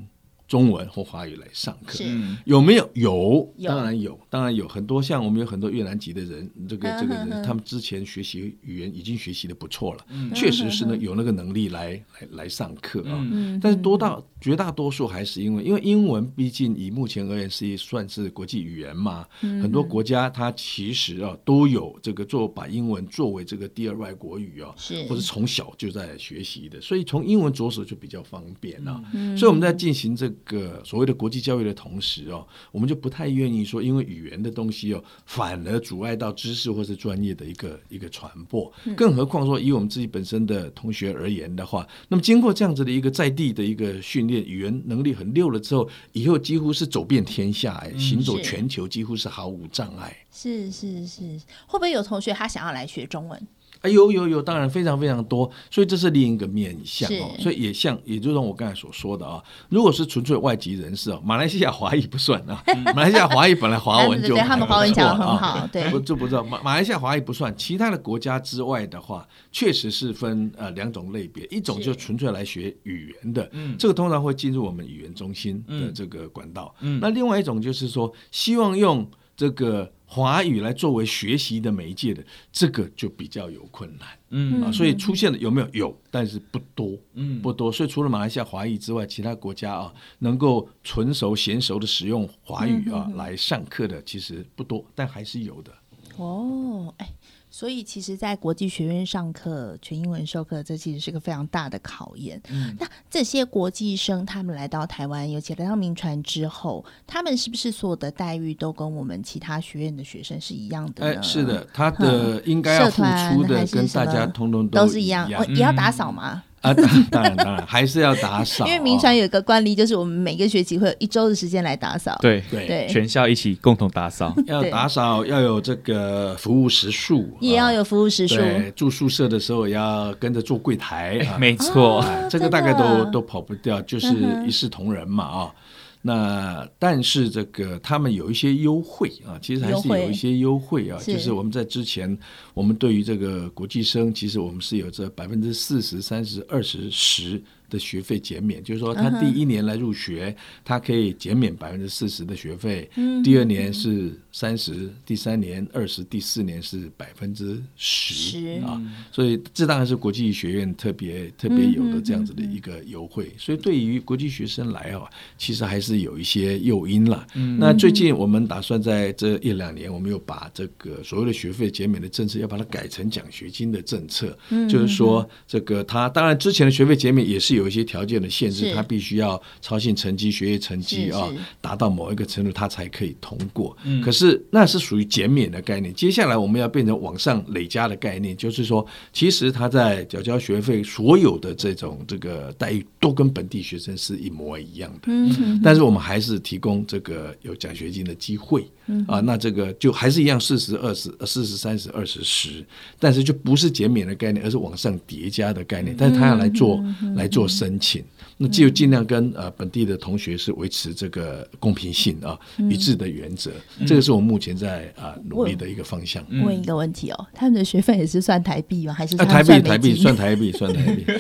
中文或華語來上課，有沒有？有，有，當然有，當然有很多。像我們有很多越南籍的人，嗯、這個這個人、嗯，他們之前學習語言已經學習的不錯了，確、嗯、實是呢，有那個能力來來來上課啊、嗯。但是多大絕大多數還是英文，因為英文畢竟以目前而言是算是國際語言嘛、嗯，很多國家它其實啊都有這個做，把英文作為這個第二外國語啊，是或者從小就在學習的，所以從英文着手就比較方便啊。嗯、所以我們在進行這個。個所謂的國際教育的同時哦，我們就不太願意說，因為語言的東西哦，反而阻礙到知識或是專業的一個一個傳播。更何況說以我們自己本身的同學而言的話，那麼經過這樣子的一個在地的一個訓練，語言能力很溜了之後，以後幾乎是走遍天下哎，哎、嗯，行走全球幾乎是毫無障礙。是是是，會不會有同學他想要來學中文？哎有有有，當然非常非常多，所以這是另一個面向哦。所以也像，也就像我剛才所說的啊，如果是純粹外籍人士，馬來西亞華裔不算啊。馬來西亞華裔、啊、 本來華文就、啊， 他們華文講得很好，對，不就不知道馬馬來西亞華裔不算，其他的國家之外的話，確實是分呃兩種類別，一種就是純粹來學語言的，這個通常會進入我們語言中心的這個管道，嗯嗯、那另外一種就是說希望用。這個華語來作為學習的媒介的，這個就比較有困難，嗯、啊、所以出現的有沒有，有，但是不多，嗯，不多。所以除了馬來西亞華裔，之外，其他國家啊，能夠純熟嫻熟的使用華語啊、嗯、呵呵來上課的，其實不多，但還是有的。哦，哎。所以，其實，在國際學院上課全英文授課，這其實是個非常大的考驗。嗯、那這些國際生他們來到台灣，尤其來到銘傳之後，他們是不是所有的待遇都跟我們其他學院的學生是一樣的？哎，是的，他的應該要付出的、嗯、社團還是什麼跟大家通通都，都是一樣。哦，也要打掃嗎？嗯 啊，當然，當然，還是要打掃。 因為銘傳有一個慣例，就是我們每個學期會有一周的時間來打掃。對對，對，全校一起共同打掃。要打掃 要有這個服務時數，也要有服務時數。住宿舍的時候要跟着做櫃台， 啊、沒錯、啊，這個大概都 都跑不掉，就是一視同仁嘛，啊、 嗯。那但是這個他們有一些優惠啊，其實還是有一些優惠啊惠，就是我們在之前我們對於這個國際生，其實我們是有着百分之四十、三十、二十、十，的學費減免，就是說他第一年來入學，uh -huh. 他可以減免百分之四十的學費；uh -huh. 第二年是三十，第三年二十，第四年是百分之十啊。所以這當然是國際學院特別特別有的這樣子的一個優惠。Uh -huh. 所以對於國際學生來啊，其實還是有一些誘因了。Uh -huh. 那最近我們打算在這一兩年，我們又把這個所謂的學費減免的政策，要把它改成獎學金的政策。Uh -huh. 就是說，這個他當然之前的學費減免也是有。有一些條件的限制，他必須要操行成績、學業成績啊達到某一個程度，他才可以通過。嗯、可是那是屬於減免的概念。接下來我們要變成往上累加的概念，就是說，其實他在繳交學費，所有的這種這個待遇都跟本地學生是一模一樣的。嗯，但是我們還是提供這個有獎學金的機會。嗯、啊，那這個就還是一樣，四十二十、四十三十、二十十，但是就不是減免的概念，而是往上疊加的概念。但是他要來做、嗯嗯嗯、來做申請，嗯、那就盡量跟呃本地的同學是維持這個公平性啊、嗯、一致的原則、嗯。這個是我目前在啊、呃、努力的一個方向。有嗯、問一個問題哦，他們的學費也是算台幣嗎？還是算算、啊、台幣？台幣算台幣算台幣。算台幣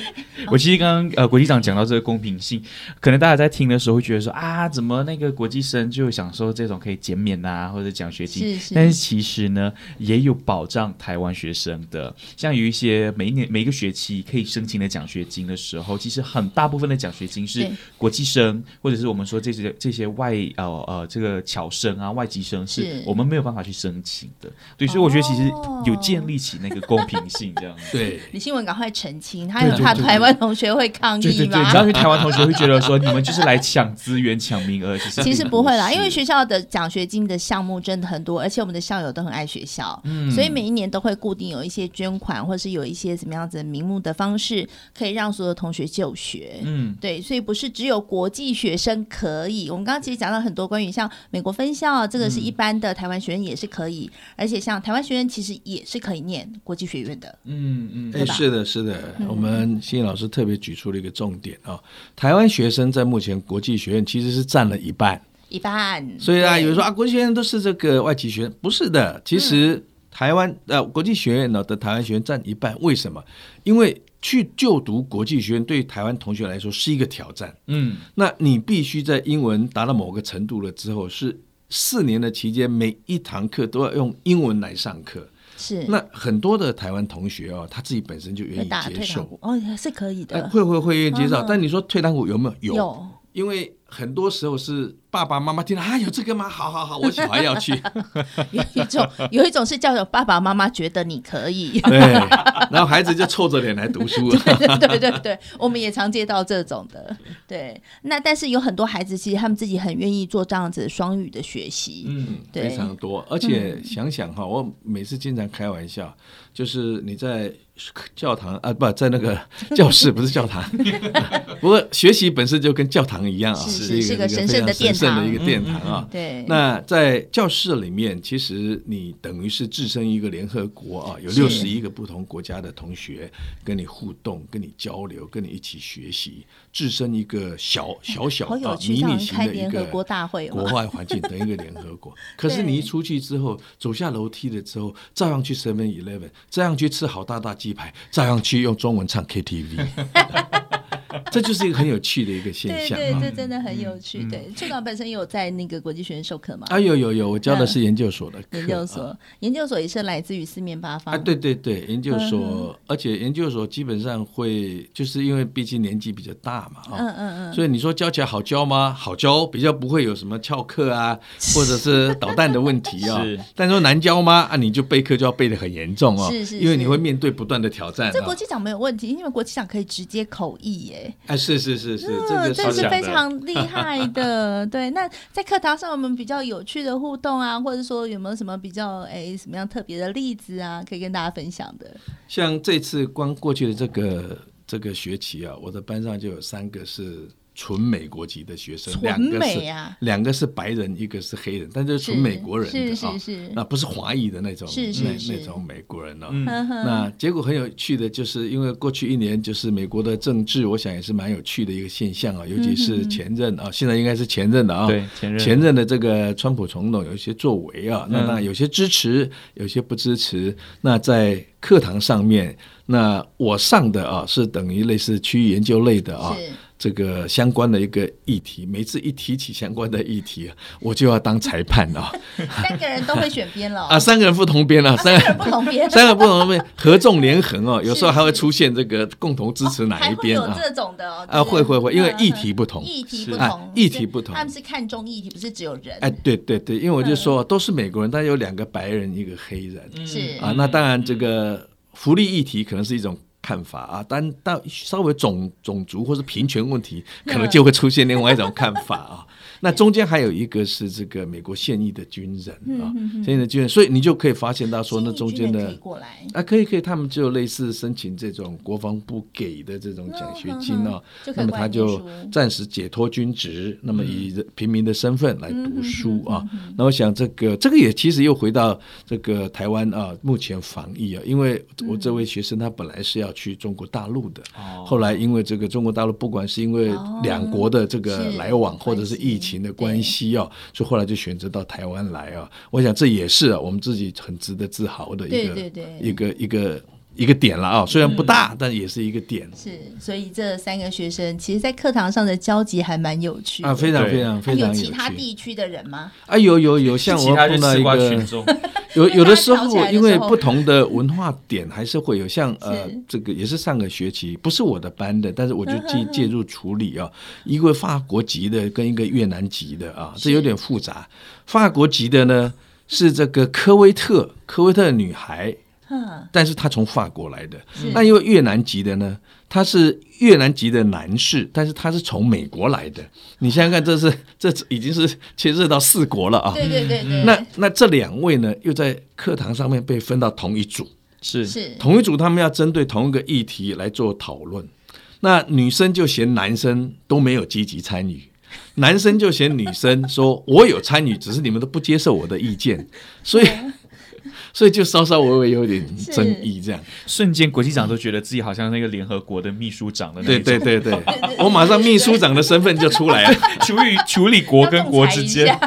我其實剛剛呃國際長講到這個公平性，可能大家在聽的時候會覺得說啊，怎麼那個國際生就享受這種可以減免呢、啊？啊，或者獎學金是是，但是其實呢，也有保障台灣學生的。像有一些每、年每一年每一個學期可以申請的獎學金的時候，其實很大部分的獎學金是國際生，或者是我們說這些這些外呃呃這個僑生啊，外籍生是我們沒有辦法去申請的。對，所以我覺得其實有建立起那個公平性這樣子。哦、 對。李新文趕快澄清，他有對對對對怕台灣同學會抗議嗎？對對、對、對，你知道因為台灣同學會覺得說你們就是來搶資源、搶 名額，其實其實不會啦，因為學校的獎學金的項目真的很多，而且我們的校友都很愛學校，嗯，所以每一年都會固定有一些捐款，或是有一些什麼樣子名目的方式，可以讓所有同學就學，嗯，對，所以不是只有國際學生可以。我們剛剛其實講到很多關於像美國分校這個是一般的、嗯、台灣學院也是可以，而且像台灣學院其實也是可以念國際學院的，嗯嗯，哎、欸，是的，是的，嗯、我們新老師特別舉出了一個重點啊、哦，台灣學生在目前國際學院其實是占了一半。一半，所以啊，有人說啊，國際學院都是這個外籍學院，不是的。其實台灣呃、嗯啊、國際學院呢，的台灣學院占一半。為什麼？因為去就讀國際學院對於台灣同學來說是一個挑戰。嗯，那你必須在英文達到某個程度了之後，是四年的期間，每一堂課都要用英文來上課。是，那很多的台灣同學哦，他自己本身就願意接受，哦，也是可以的。哎、會會會願意接受嗯嗯，但你說退堂鼓有沒有？有，有因為。很多時候是爸爸媽媽聽到，啊有這個嗎？好好好，我小孩要去。 有一種，有一種是叫做爸爸媽媽覺得你可以， 對，然後孩子就臭着臉來讀書了。 對，對，對對對，我們也常接到這種的。對，那但是有很多孩子其實他們自己很願意做這樣子雙語的學習，嗯，對。非常多。而且想想哈、哦嗯，我每次經常開玩笑，就是你在教堂啊，不在那個教室，不是教堂。 不過學習本身就跟教堂一樣啊。是是一個，個神聖的殿堂，嗯，神聖的一個殿堂啊，嗯。對。那在教室裡面，其實你等於是置身一個聯合國啊，有六十一個不同國家的同學跟你互動，跟你，跟你交流，跟你一起學習，置身一個小小小，迷你型的一個國會，國外環境等於一個聯合國。 可是你一出去之後，走下樓梯了之後，照樣去 Seven Eleven，照樣去吃好大大雞排，照樣去用中文唱 KTV 對。 這就是一個很有趣的一個現象，嗯、對，對，這真的很有趣。嗯、對，邱導本身有在那個國際學院授課嘛、嗯？啊，有有有，我教的是研究所的課、啊嗯。研究所，研究所也是來自於四面八方。啊，對對對，研究所，嗯、而且研究所基本上會，就是因為畢竟年紀比較大嘛、啊，嗯嗯嗯，所以你說教起來好教嗎？好教，比較不會有什麼翹課啊， 或者是搗蛋的問題啊、哦。 是，但是說難教嗎？啊，你就備課就要備得很嚴重哦，是是，是，因為你會面對不斷的挑戰、啊。這國際長沒有問題，因為國際長可以直接口譯耶。哎，是是是是，嗯，這是非常厲害的。的 對，那在課堂上我們比較有趣的互動啊，或者說有沒有什麼比較，哎，什麼樣特別的例子啊，可以跟大家分享的？像這次光過去的這個這個學期啊，我的班上就有三個是。純美國籍的學生，純美啊、兩個是兩個是白人，一個是黑人，但是純美國人的是是是，是、哦，那不是華裔的那種，是是是那是那種美國人呢、哦嗯。那結果很有趣的就是，因為過去一年就是美國的政治，我想也是蠻有趣的一個現象啊、哦，尤其是前任啊、嗯，現在應該是前任的啊、哦，對，前任前任的這個川普總統有一些作為啊、哦嗯，那那有些支持，有些不支持。那在課堂上面，那我上的啊、哦、是等於類似區域研究類的啊、哦。這個相關的一個議題，每次一提起相關的議題、啊，我就要當裁判哦。三個人都會選邊了、哦、啊！三個人不同邊了、啊啊，三個人不同邊，三個人 不同邊，合縱連橫哦。有時候還會出現這個共同支持哪一邊啊？哦、還會有這種的、哦就是、啊！會會會，因為議題不同，議題不同，議題不同，啊他,們啊、他們是看中議題，不是只有人。哎、啊，對對對，因為我就說,、嗯、我就說都是美國人，但有兩個白人，一個黑人、嗯、啊是、嗯、啊。那當然，這個福利議題可能是一種。看法啊，但但稍微種種族或是平權問題，可能就會出現另外一種看法啊。 那中間還有一個是這個美國現役的軍人啊、嗯嗯，現役的軍人，所以你就可以發現到說，那中間的啊，可以可以，他們就類似申請這種國防部給的這種獎學金啊、嗯嗯嗯，那麼他就暫時解脫軍職、嗯，那麼以平民的身份來讀書啊。那、嗯嗯嗯嗯、我想這個這個也其實又回到這個台灣啊，目前防疫啊，因為我這位學生他本來是要去中國大陸的、嗯，後來因為這個中國大陸不管是因為兩國的這個來往或者是疫情。嗯哦哦的關係啊，所以後來就選擇到台灣來啊。我想這也是啊，我們自己很值得自豪的一個，對對對，一個一個。一個一個點了啊，雖然不大，嗯，但也是一個點。是，所以這三個學生其實，在課堂上的交集還蠻有趣啊，非常非常非常有趣。有其他地區的人嗎？啊，有有有，有，像我碰到一個， 有有的時、的時候，因為不同的文化點，還是會有像呃，這個也是上個學期，不是我的班的，但是我就進介入處理啊，哦。 一個法國籍的跟一個越南籍的啊，這有點複雜。法國籍的呢是這個科威特， 科威特的女孩。但是他從法國來的，那因為越南籍的呢，他是越南籍的男士，但是他是從美國來的。你想想看，這是這已經是牽涉到四國了啊！對對對，對，那那這兩位呢，又在課堂上面被分到同一組，是是同一組，他們要針對同一個議題來做討論。那女生就嫌男生都沒有積極參與，男生就嫌女生說：“我有參與， 只是你們都不接受我的意見。”所以。 所以就稍稍微微有點爭議這樣，瞬間國際長都覺得自己好像那個聯合國的秘書長的那種。對對對對， 我馬上秘書長的身份就出來了， 處理 處理國跟國之間。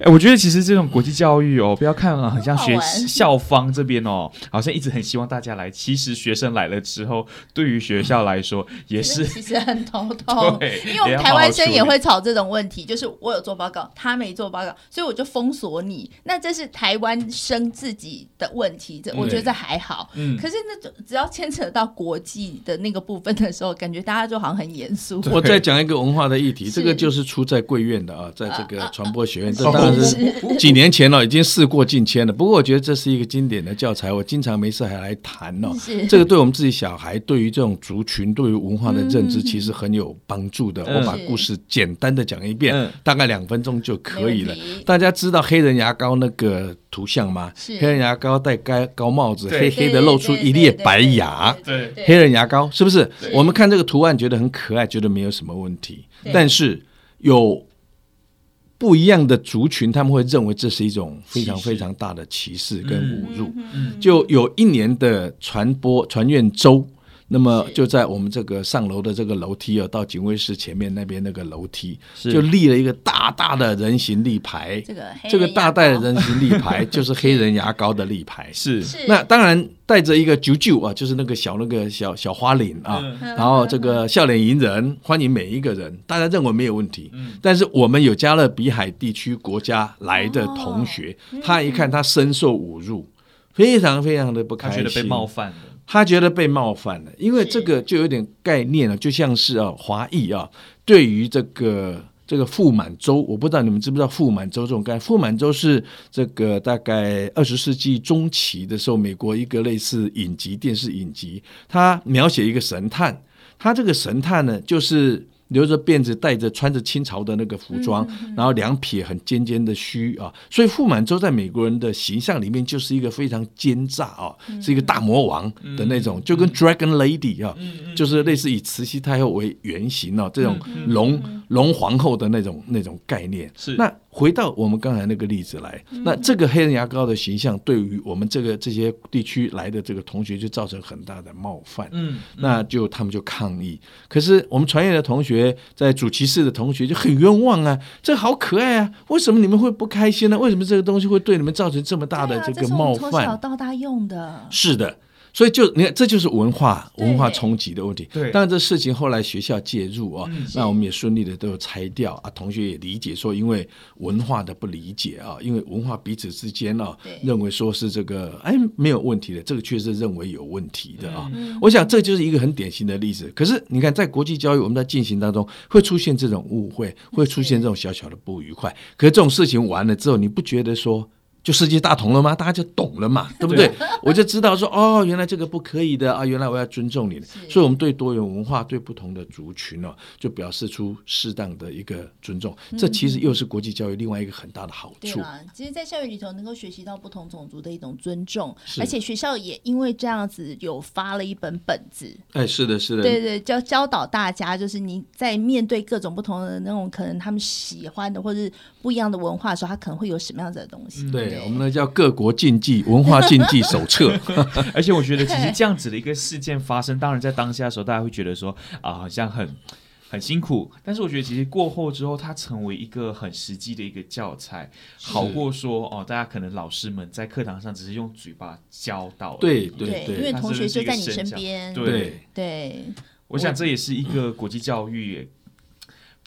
欸、我覺得其實這種國際教育哦，不要看了，啊，很像學校方這邊哦，好像一直很希望大家來。其實學生來了之後，對於學校來說也是，其實，其實很頭痛。對，因為我們台灣生也會吵這種問題，就是我有做報告，他沒做報告，所以我就封鎖你。那這是台灣生自己的問題，這我覺得這還好。嗯，可是那只要牽扯到國際的那個部分的時候，感覺大家就好像很嚴肅。我再講一個文化的議題，這個就是出在貴院的啊，在這個傳播學院，啊啊啊，這。當時幾年前了，已經事過境遷了。不過我覺得這是一個經典的教材，我經常沒事還來談哦。這個對我們自己小孩對於這種族群，對於文化的認知，其實很有幫助的。我把故事簡單的講一遍，大概兩分鐘就可以了。大家知道黑人牙膏那個圖像嗎？黑人牙膏戴高高帽子，黑黑的，露出一列白牙。對，黑人牙膏是不是？我們看這個圖案覺得很可愛，覺得沒有什麼問題。但是有。不一樣的族群，他們會認為這是一種非常非常大的歧視跟侮辱。嗯嗯嗯、就有一年的傳播傳院週。那麼就在我們這個上樓的這個樓梯啊，到警衛室前面那邊那個樓梯，是，就立了一個大大的人形立牌。這個這個大大的人形立牌就是黑人牙膏的立牌。 是是。那當然帶着一個啾啾啊，就是那個小那個小小，小花領啊，然後這個笑臉迎人，歡迎每一個人。大家認為沒有問題。嗯，但是我們有加勒比海地區國家來的同學，哦，他一看他深受侮辱，非常非常的不開心，他覺得被冒犯了。他覺得被冒犯了，因為這個就有點概念了、啊，就像是啊，華裔啊，對於這個這個傅滿洲，我不知道你們知不知道傅滿洲這種概念。傅滿洲是這個大概二十世紀中期的時候，美國一個類似影集，電視影集，他描寫一個神探，他這個神探呢，就是。留着辮子，戴著穿着清朝的那個服裝，嗯嗯嗯然後兩撇很尖尖的鬚啊，所以傅滿洲在美國人的形象裡面就是一個非常奸詐啊，嗯嗯是一個大魔王的那種，就跟 Dragon Lady 啊，嗯嗯就是類似以慈禧太后為原型啊，嗯嗯這種龍龍皇後的那種那種概念。是那。回到我們剛才那個例子來，那這個黑人牙膏的形象對於我們這個這些地區來的這個同學就造成很大的冒犯，嗯，嗯那就他們就抗議。可是我們傳研的同學在主其事的同學就很冤枉啊，這好可愛啊，為什麼你們會不開心呢？為什麼這個東西會對你們造成這麼大的這個冒犯？啊，是從小到大用的，是的。所以就你看，這就是文化文化衝擊的問題對。對，當然這事情後來學校介入啊，嗯、那我們也順利的都有拆掉啊。同學也理解說，因為文化的不理解啊，因為文化彼此之間啊，認為說是這個哎沒有問題的，這個確實認為有問題的啊，嗯。我想這就是一個很典型的例子。可是你看，在國際教育我們在進行當中會出現這種誤會，會出現這種小小的不愉快。可是這種事情完了之後，你不覺得說？就世界大同了嗎？大家就懂了嘛，對不對？ 我就知道說，哦，原來這個不可以的啊，原來我要尊重你的。所以，我們對多元文化、對不同的族群呢、哦，就表示出適當的一個尊重、嗯。這其實又是國際教育另外一個很大的好處。對啊，其實，在校園裡頭能夠學習到不同種族的一種尊重，而且學校也因為這樣子有發了一本本子。哎，是的，是的，對對，教教導大家，就是你在面對各種不同的那種可能他們喜歡的，或者是不一樣的文化的時候，他可能會有什麼樣子的東西。對。對我們呢，叫各國禁忌文化禁忌手冊 ， 而且我覺得其實這樣子的一個事件發生，當然在當下的時候，大家會覺得說啊，好像很很辛苦，但是我覺得其實過後之後，它成為一個很實際的一個教材，好過說哦、啊，大家可能老師們在課堂上只是用嘴巴教導，對對對，對，因為同學就在你身邊，對對、對、對，我想這也是一個國際教育、欸。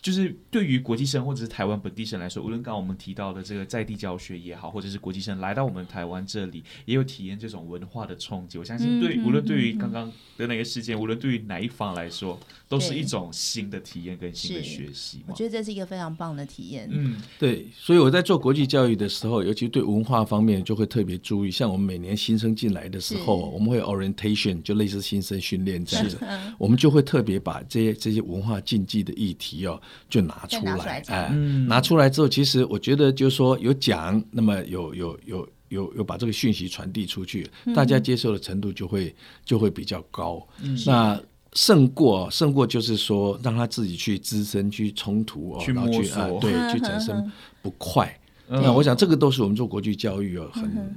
就是對於國際生或者是台灣本地生來說，無論剛剛我們提到的這個在地教學也好，或者是國際生來到我們台灣這裡，也有體驗這種文化的衝擊。我相信對無論對於剛剛的那個事件、嗯嗯嗯，無論對於哪一方來說，都是一種新的體驗跟新的學習。我覺得這是一個非常棒的體驗。嗯，對。所以我在做國際教育的時候，尤其對文化方面就會特別注意。像我們每年新生進來的時候，我們會 orientation，就類似新生訓練這樣，是 我們就會特別把這些這些文化禁忌的議題哦。就拿出來，哎、嗯嗯，拿出來之後，其實我覺得就是說有講，那麼有有有有有把這個訊息傳遞出去，嗯、大家接受的程度就會就會比較高。嗯、那勝過勝過就是說讓他自己去滋生去衝突、哦、去然後去啊、嗯，對，去產生不快、嗯。那我想這個都是我們做國際教育啊、哦，很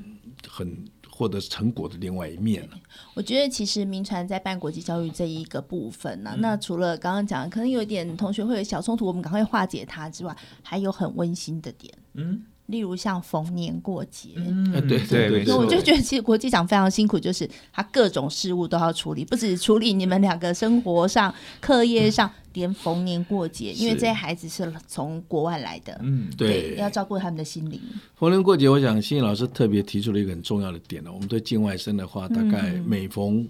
很。獲得成果的另外一面，啊、我覺得其實銘傳在辦國際教育這一個部分呢，啊嗯，那除了剛剛講的可能有點同學會有小衝突，我們趕快化解它之外，還有很溫馨的點。嗯。例如像逢年過節，嗯，對對、對、對，我就覺得其實國際長非常辛苦，就是他各種事務都要處理，不止處理你們兩個生活上、課業上、嗯，連逢年過節，因為這些孩子是從國外來的，嗯，對，對，要照顧他們的心靈。逢年過節，我想欣欣老師特別提出了一個很重要的點呢。我們對境外生的話，大概每逢、嗯。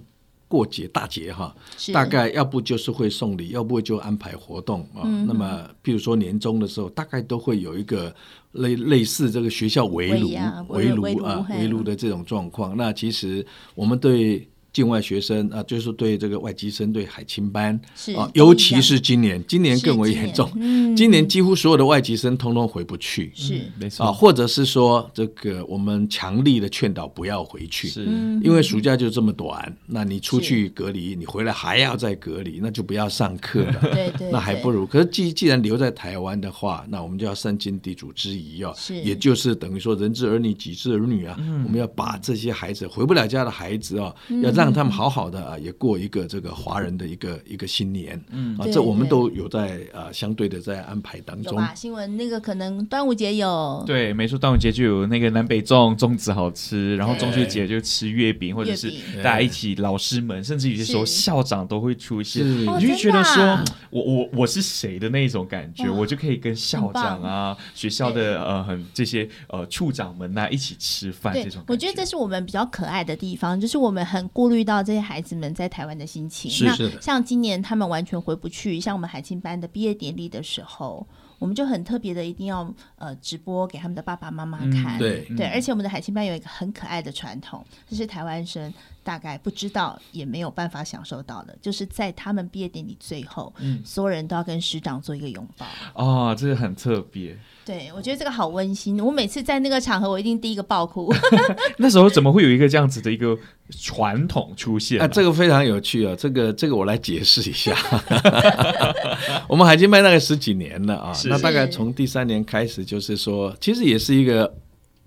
過節大節哈，大概要不就是會送禮，要不就安排活動啊。嗯、那麼，譬如說年終的時候，大概都會有一個類類似這個學校圍爐、啊、圍爐，圍爐啊、圍爐的這種狀況。嗯、那其實我們對。境外學生啊，就是對這個外籍生，對海青班啊，尤其是今年，今年更為嚴重。今年，嗯、今年幾乎所有的外籍生統統回不去，嗯、是、啊、沒錯啊，或者是說，這個我們強力的勸導不要回去，是，因為暑假就這麼短，那你出去隔離，你回來還要再隔離，那就不要上課了。對對，那還不如。可是既既然留在台灣的話，那我們就要善盡地主之誼哦，是，也就是等於說人之兒女，己之兒女啊、嗯，我們要把這些孩子，回不了家的孩子哦，嗯、要讓。讓他們好好的啊，也過一個這個華人的一個一個新年。嗯，啊，對對，這我們都有在啊、呃，相對的在安排當中。新聞那個可能端午節有對，沒錯，端午節就有那個南北粽，粽子好吃。然後中秋節就吃月餅，或者是大家一起老師們，甚至有些時候校長都會出現。你就覺得說、哦啊、我我我是誰的那種感覺，我就可以跟校長啊、學校的呃很這些呃處長們吶、啊、一起吃飯。這種感覺我覺得這是我們比較可愛的地方，就是我們很過遇到這些孩子們在台灣的心情是是，那像今年他們完全回不去，像我們海青班的畢業典禮的時候，我們就很特別的一定要呃直播給他們的爸爸媽媽看、嗯，對，對、嗯，而且我們的海青班有一個很可愛的傳統，這是台灣生大概不知道也沒有辦法享受到的，就是在他們畢業典禮最後、嗯，所有人都要跟師長做一個擁抱，哦，這個很特別。對，我覺得這個好溫馨。我每次在那個場合，我一定第一個爆哭。 那時候怎麼會有一個這樣子的一個傳統出現？啊，這個非常有趣啊、哦！這個這個我來解釋一下。 我們海基賣大概十幾年了啊，是是。那大概從第三年開始，就是說，其實也是一個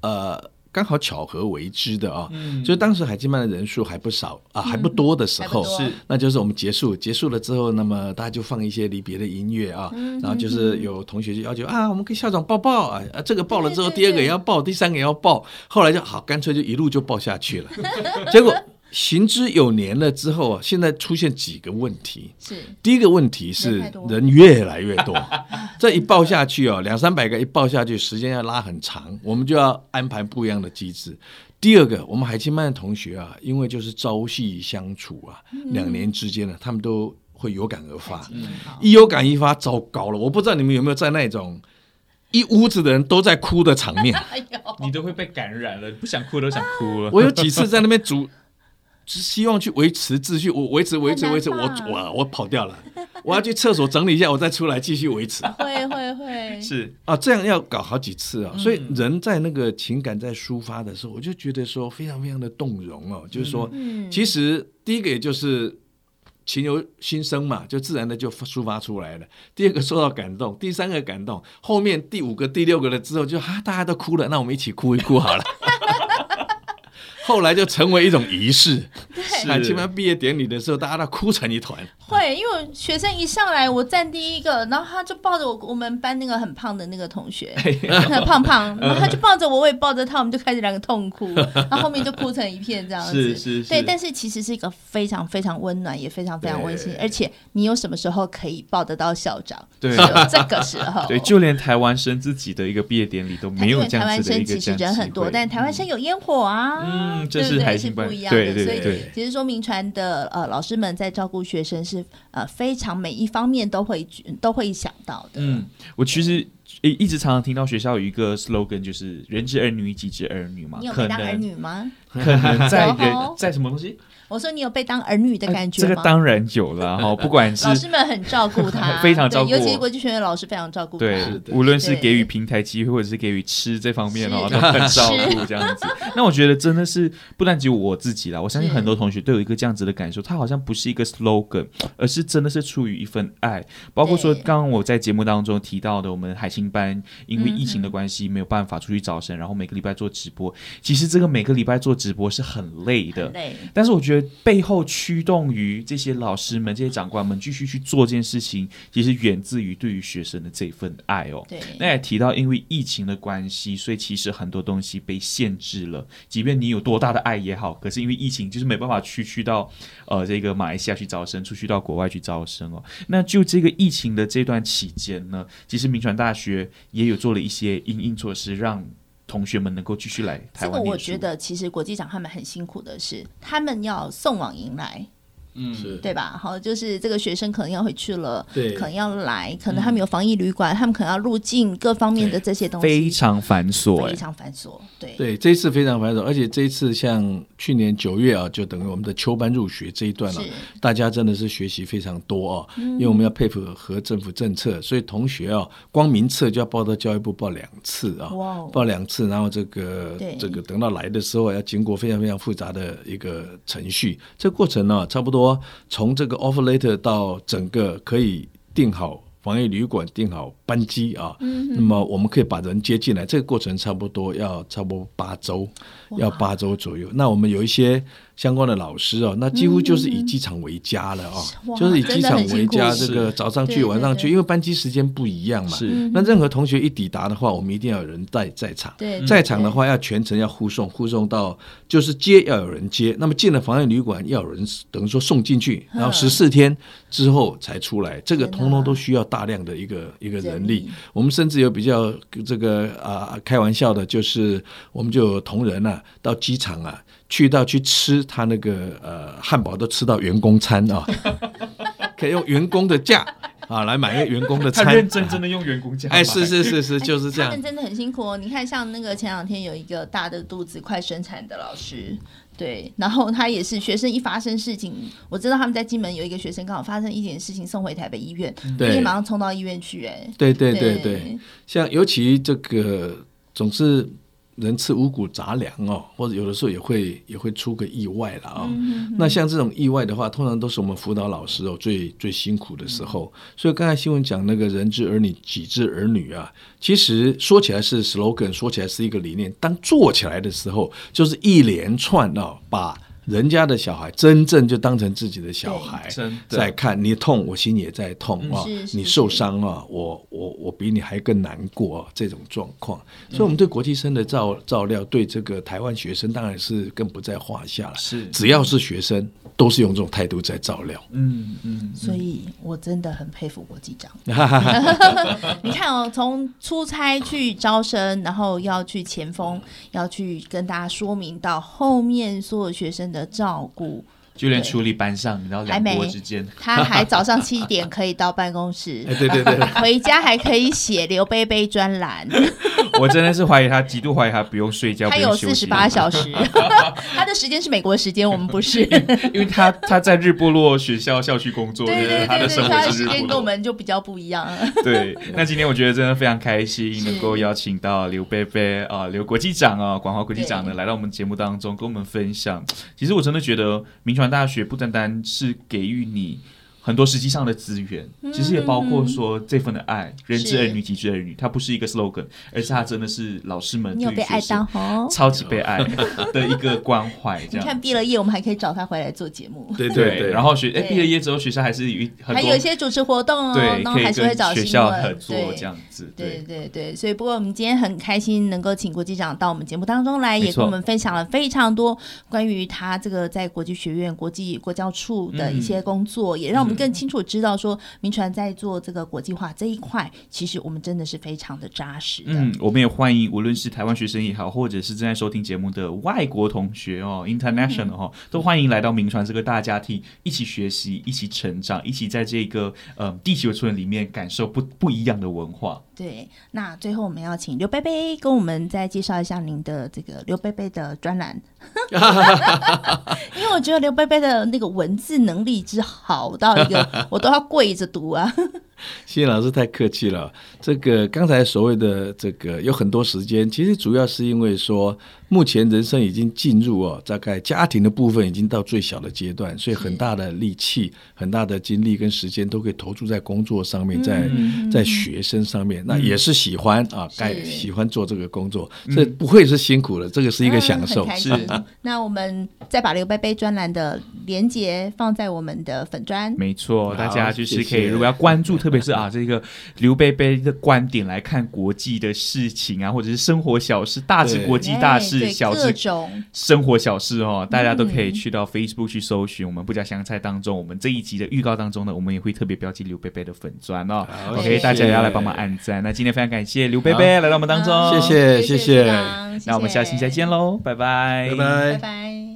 呃。剛好巧合為之的啊、哦，所、嗯、以當時海基曼的人數還不少啊，還不多的時候，是、嗯，那就是我們結束結束了之後，那麼大家就放一些離別的音樂啊，嗯、然後就是有同學就要求、嗯、啊、嗯啊嗯嗯，我們跟校長抱抱啊，這個抱了之後對對對，第二個也要抱，第三個也要抱，後來就好乾脆就一路就抱下去了， 結果。行之有年了之後啊，現在出現幾個問題是，第一個問題是人越來越多，多 這一抱下去啊，兩三百個一抱下去，時間要拉很長，我們就要安排不一樣的機制。第二個，我們海青班的同學啊，因為就是朝夕相處啊，兩、嗯、年之間呢、啊，他們都會有感而發，一有感一發，糟糕了！我不知道你們有沒有在那種一屋子的人都在哭的場面， 你都會被感染了，不想哭都想哭了。我有幾次在那邊煮。 只希望去維持秩序，我維持維持維持，我我,我跑掉了，我要去廁所整理一下， 我再出來繼續維持。 會會會是啊，這樣要搞好幾次啊、哦，所以人在那個情感在抒發的時候，嗯、我就覺得說非常非常的動容哦，嗯、就是說，其實第一個也就是情由心生嘛，就自然的就抒發出來了。第二個受到感動，第三個感動，後面第五個第六個了之後就，就啊大家都哭了，那我們一起哭一哭好了。 後來就成為一種儀式，對，那一般畢業典禮的時候，大家都哭成一團。會，因為學生一上來，我站第一個，然後他就抱着我，我們班那個很胖的那個同學， 很胖胖， 然後他就抱着我， 我也抱着他，我們就開始兩個痛哭， 然後後面就哭成一片這樣子。 是是，是。對，但是其實是一個非常非常溫暖，也非常非常溫馨，而且你有什麼時候可以抱得到校長？對，這個時候。 對，就連台灣生自己的一個畢業典禮都沒有這樣，的一個這樣，因為台灣生其實人很多，嗯、但台灣生有煙火啊。嗯這是還是不一樣，對對對，對對對對，其實說銘傳的呃老師們在照顧學生是呃非常每一方面都會都會想到的。嗯，我其實一直常常聽到學校有一個 slogan，就是“人之兒女與己之兒女”嘛，你有聽到兒女嗎？ 可能在人在什麼東西？ 我說你有被當兒女的感覺嗎、呃、這個當然有了哈、 哦，不管是老師們很照顧他， 非常照顧， 尤其國際學院老師非常照顧。對，無論是給予平台機會，或者是給予吃這方面哈、哦，都很照顧這樣子。 那我覺得真的是不但只有我自己啦，我相信很多同學都有一個這樣子的感受。他、嗯、好像不是一個 slogan，而是真的是出於一份愛。包括說剛剛我在節目當中提到的，我們海星班因為疫情的關係、嗯、沒有辦法出去招生，然後每個禮拜做直播。其實這個每個禮拜做直播是很累的很累，但是我覺得背後驅動於這些老師們、這些長官們繼續去做這件事情，其實源自於對於學生的這份愛哦。對，那也提到因為疫情的關係，所以其實很多東西被限制了。即便你有多大的愛也好，可是因為疫情，就是沒辦法去去到呃這個馬來西亞去招生，出去到國外去招生哦。那就這個疫情的這段期間呢，其實銘傳大學也有做了一些因應措施，讓。同學們能夠繼續來台灣念書，這個我覺得，其實國際長他們很辛苦的是，他們要送往迎來。嗯，對吧？好，就是這個學生可能要回去了，對，可能要來，可能他們有防疫旅館，嗯、他們可能要入境各方面的這些東西，非常繁瑣、欸，非常繁瑣。對對，這一次非常繁瑣，而且這一次像去年九月啊，就等於我們的秋班入學這一段了、啊，大家真的是學習非常多啊、嗯，因為我們要配合和政府政策，所以同學啊，光名冊就要報到教育部報兩次啊，哇哦、報兩次，然後這個這個等到來的時候要經過非常非常複雜的一個程序，這過程呢、啊、差不多。從這個 offer later 到整個可以訂好防疫旅館、訂好班機啊，嗯嗯，那麼我們可以把人接進來，這個過程差不多要差不多八周，要八周左右。那我們有一些。相關的老師哦，那幾乎就是以機場為家了哦，嗯嗯嗯、就是以機場為家。這個早上去，晚上去對對對，因為班機時間不一樣嘛。是。那任何同學一抵達的話，我們一定要有人在在場。對、嗯。在場的話，要全程要護送，護、嗯、送到就是接要有人接對對對。那麼進了防疫旅館要有人，等於說送進去，嗯、然後十四天之後才出來、嗯，這個通通都需要大量的一個的、啊、一個人力。我們甚至有比較這個啊開玩笑的，就是我們就有同仁啊到機場啊。去到去吃他那個呃漢堡都吃到員工餐啊、哦， 可以用員工的價 啊來買一個員工的餐。認認真真的用員工價、啊。哎，是是是是，就是這樣。哎、他們真的很辛苦哦。你看，像那個前兩天有一個大的肚子快生產的老師，對，然後他也是學生一發生事情，我知道他們在金門有一個學生剛好發生一點事情，送回台北醫院，對、嗯，馬上衝到醫院去，哎，對對對對,對。像尤其這個總是。人吃五穀雜糧哦，或者有的時候也會也會出個意外了啊、哦。嗯嗯嗯，那像這種意外的話，通常都是我們輔導老師哦最最辛苦的時候。所以剛才新聞講那個人之兒女，己之兒女啊，其實說起來是 slogan，說起來是一個理念，當做起來的時候，就是一連串啊、哦、把。人家的小孩真正就當成自己的小孩在看，你痛我心也在痛，嗯、啊是是是，你受傷了、啊，我我我比你還更難過、啊、這種狀況，嗯，所以，我們對國際生的照照料，對這個台灣學生當然是更不在話下了，只要是學生。嗯都是用這種態度在照料，嗯嗯，嗯，所以我真的很佩服國際長。 你看哦，從出差去招生，然後要去前鋒，要去跟大家說明，到後面所有學生的照顧。就連處理班上，然後你知道兩國之間，他還早上七點可以到辦公室，對對對，回家還可以寫劉杯杯專欄。哎、對對對對 我真的是懷疑他，極度懷疑他不用睡覺，他有四十八小時， 他的時間是美國時間，我們不是，因為他他在日波洛學校校區工作， 對對、對、對、對， 他的生活時間跟我們就比較不一樣。 對，那今天我覺得真的非常開心， 能夠邀請到劉杯杯啊，劉國際長啊，廣華國際長、啊、國長呢，來到我們節目當中，跟我們分享。其實我真的覺得銘傳。大學不單單是給予你。很多實際上的資源，其實也包括說這份的愛，嗯、人之兒女，己之兒女，它不是一個 slogan，而是它真的是老師們你有被愛到哦，超級被愛的一個關懷。 你看畢了業，我們還可以找他回來做節目，對對對。然後學哎，畢了業之後，學校還是有很多還有一些主持活動哦，對，然後還是會找學校很多這樣子，對對，對對對。所以，不過我們今天很開心能夠請國際長到我們節目當中來，也跟我們分享了非常多關於他這個在國際學院、嗯、國際國教處的一些工作，嗯、也讓我們。更清楚知道說，銘傳在做這個國際化這一塊，其實我們真的是非常的紮實的。嗯，我們也歡迎無論是台灣學生也好，或者是正在收聽節目的外國同學哦，international 哈、嗯，都歡迎來到銘傳這個大家庭，一起學習，一起成長，一起在這個呃地球村裡面感受不不一樣的文化。對，那最後我們要請劉杯杯跟我們再介紹一下您的這個劉杯杯的專欄。 因為我覺得劉杯杯的那個文字能力之好，到一個我都要跪着讀啊。 謝謝老師太客氣了。這個剛才所謂的這個有很多時間，其實主要是因為說，目前人生已經進入哦，大概家庭的部分已經到最小的階段，所以很大的力氣、很大的精力跟時間都可以投注在工作上面，嗯、在、嗯、在學生上面、嗯，那也是喜歡啊，該喜歡做這個工作，這不會是辛苦的，這個是一個享受。嗯、是。 那我們再把劉杯杯專欄的連接放在我們的粉專，沒錯，大家就是可以，謝謝如果要關注他特別是啊，這個劉杯杯的觀點來看國際的事情啊，或者是生活小事，大事國際大事，小事生活小事哦，大家都可以去到 Facebook 去搜尋、嗯、我們不加香菜當中，我們這一集的預告當中呢，我們也會特別標記劉杯杯的粉專哦、哦。OK，謝謝大家也要來幫忙按讚。那今天非常感謝劉杯杯來到我們當中，哦嗯、謝謝謝謝、謝謝。那我們下期再見嘍，拜拜、拜拜、拜拜、拜拜。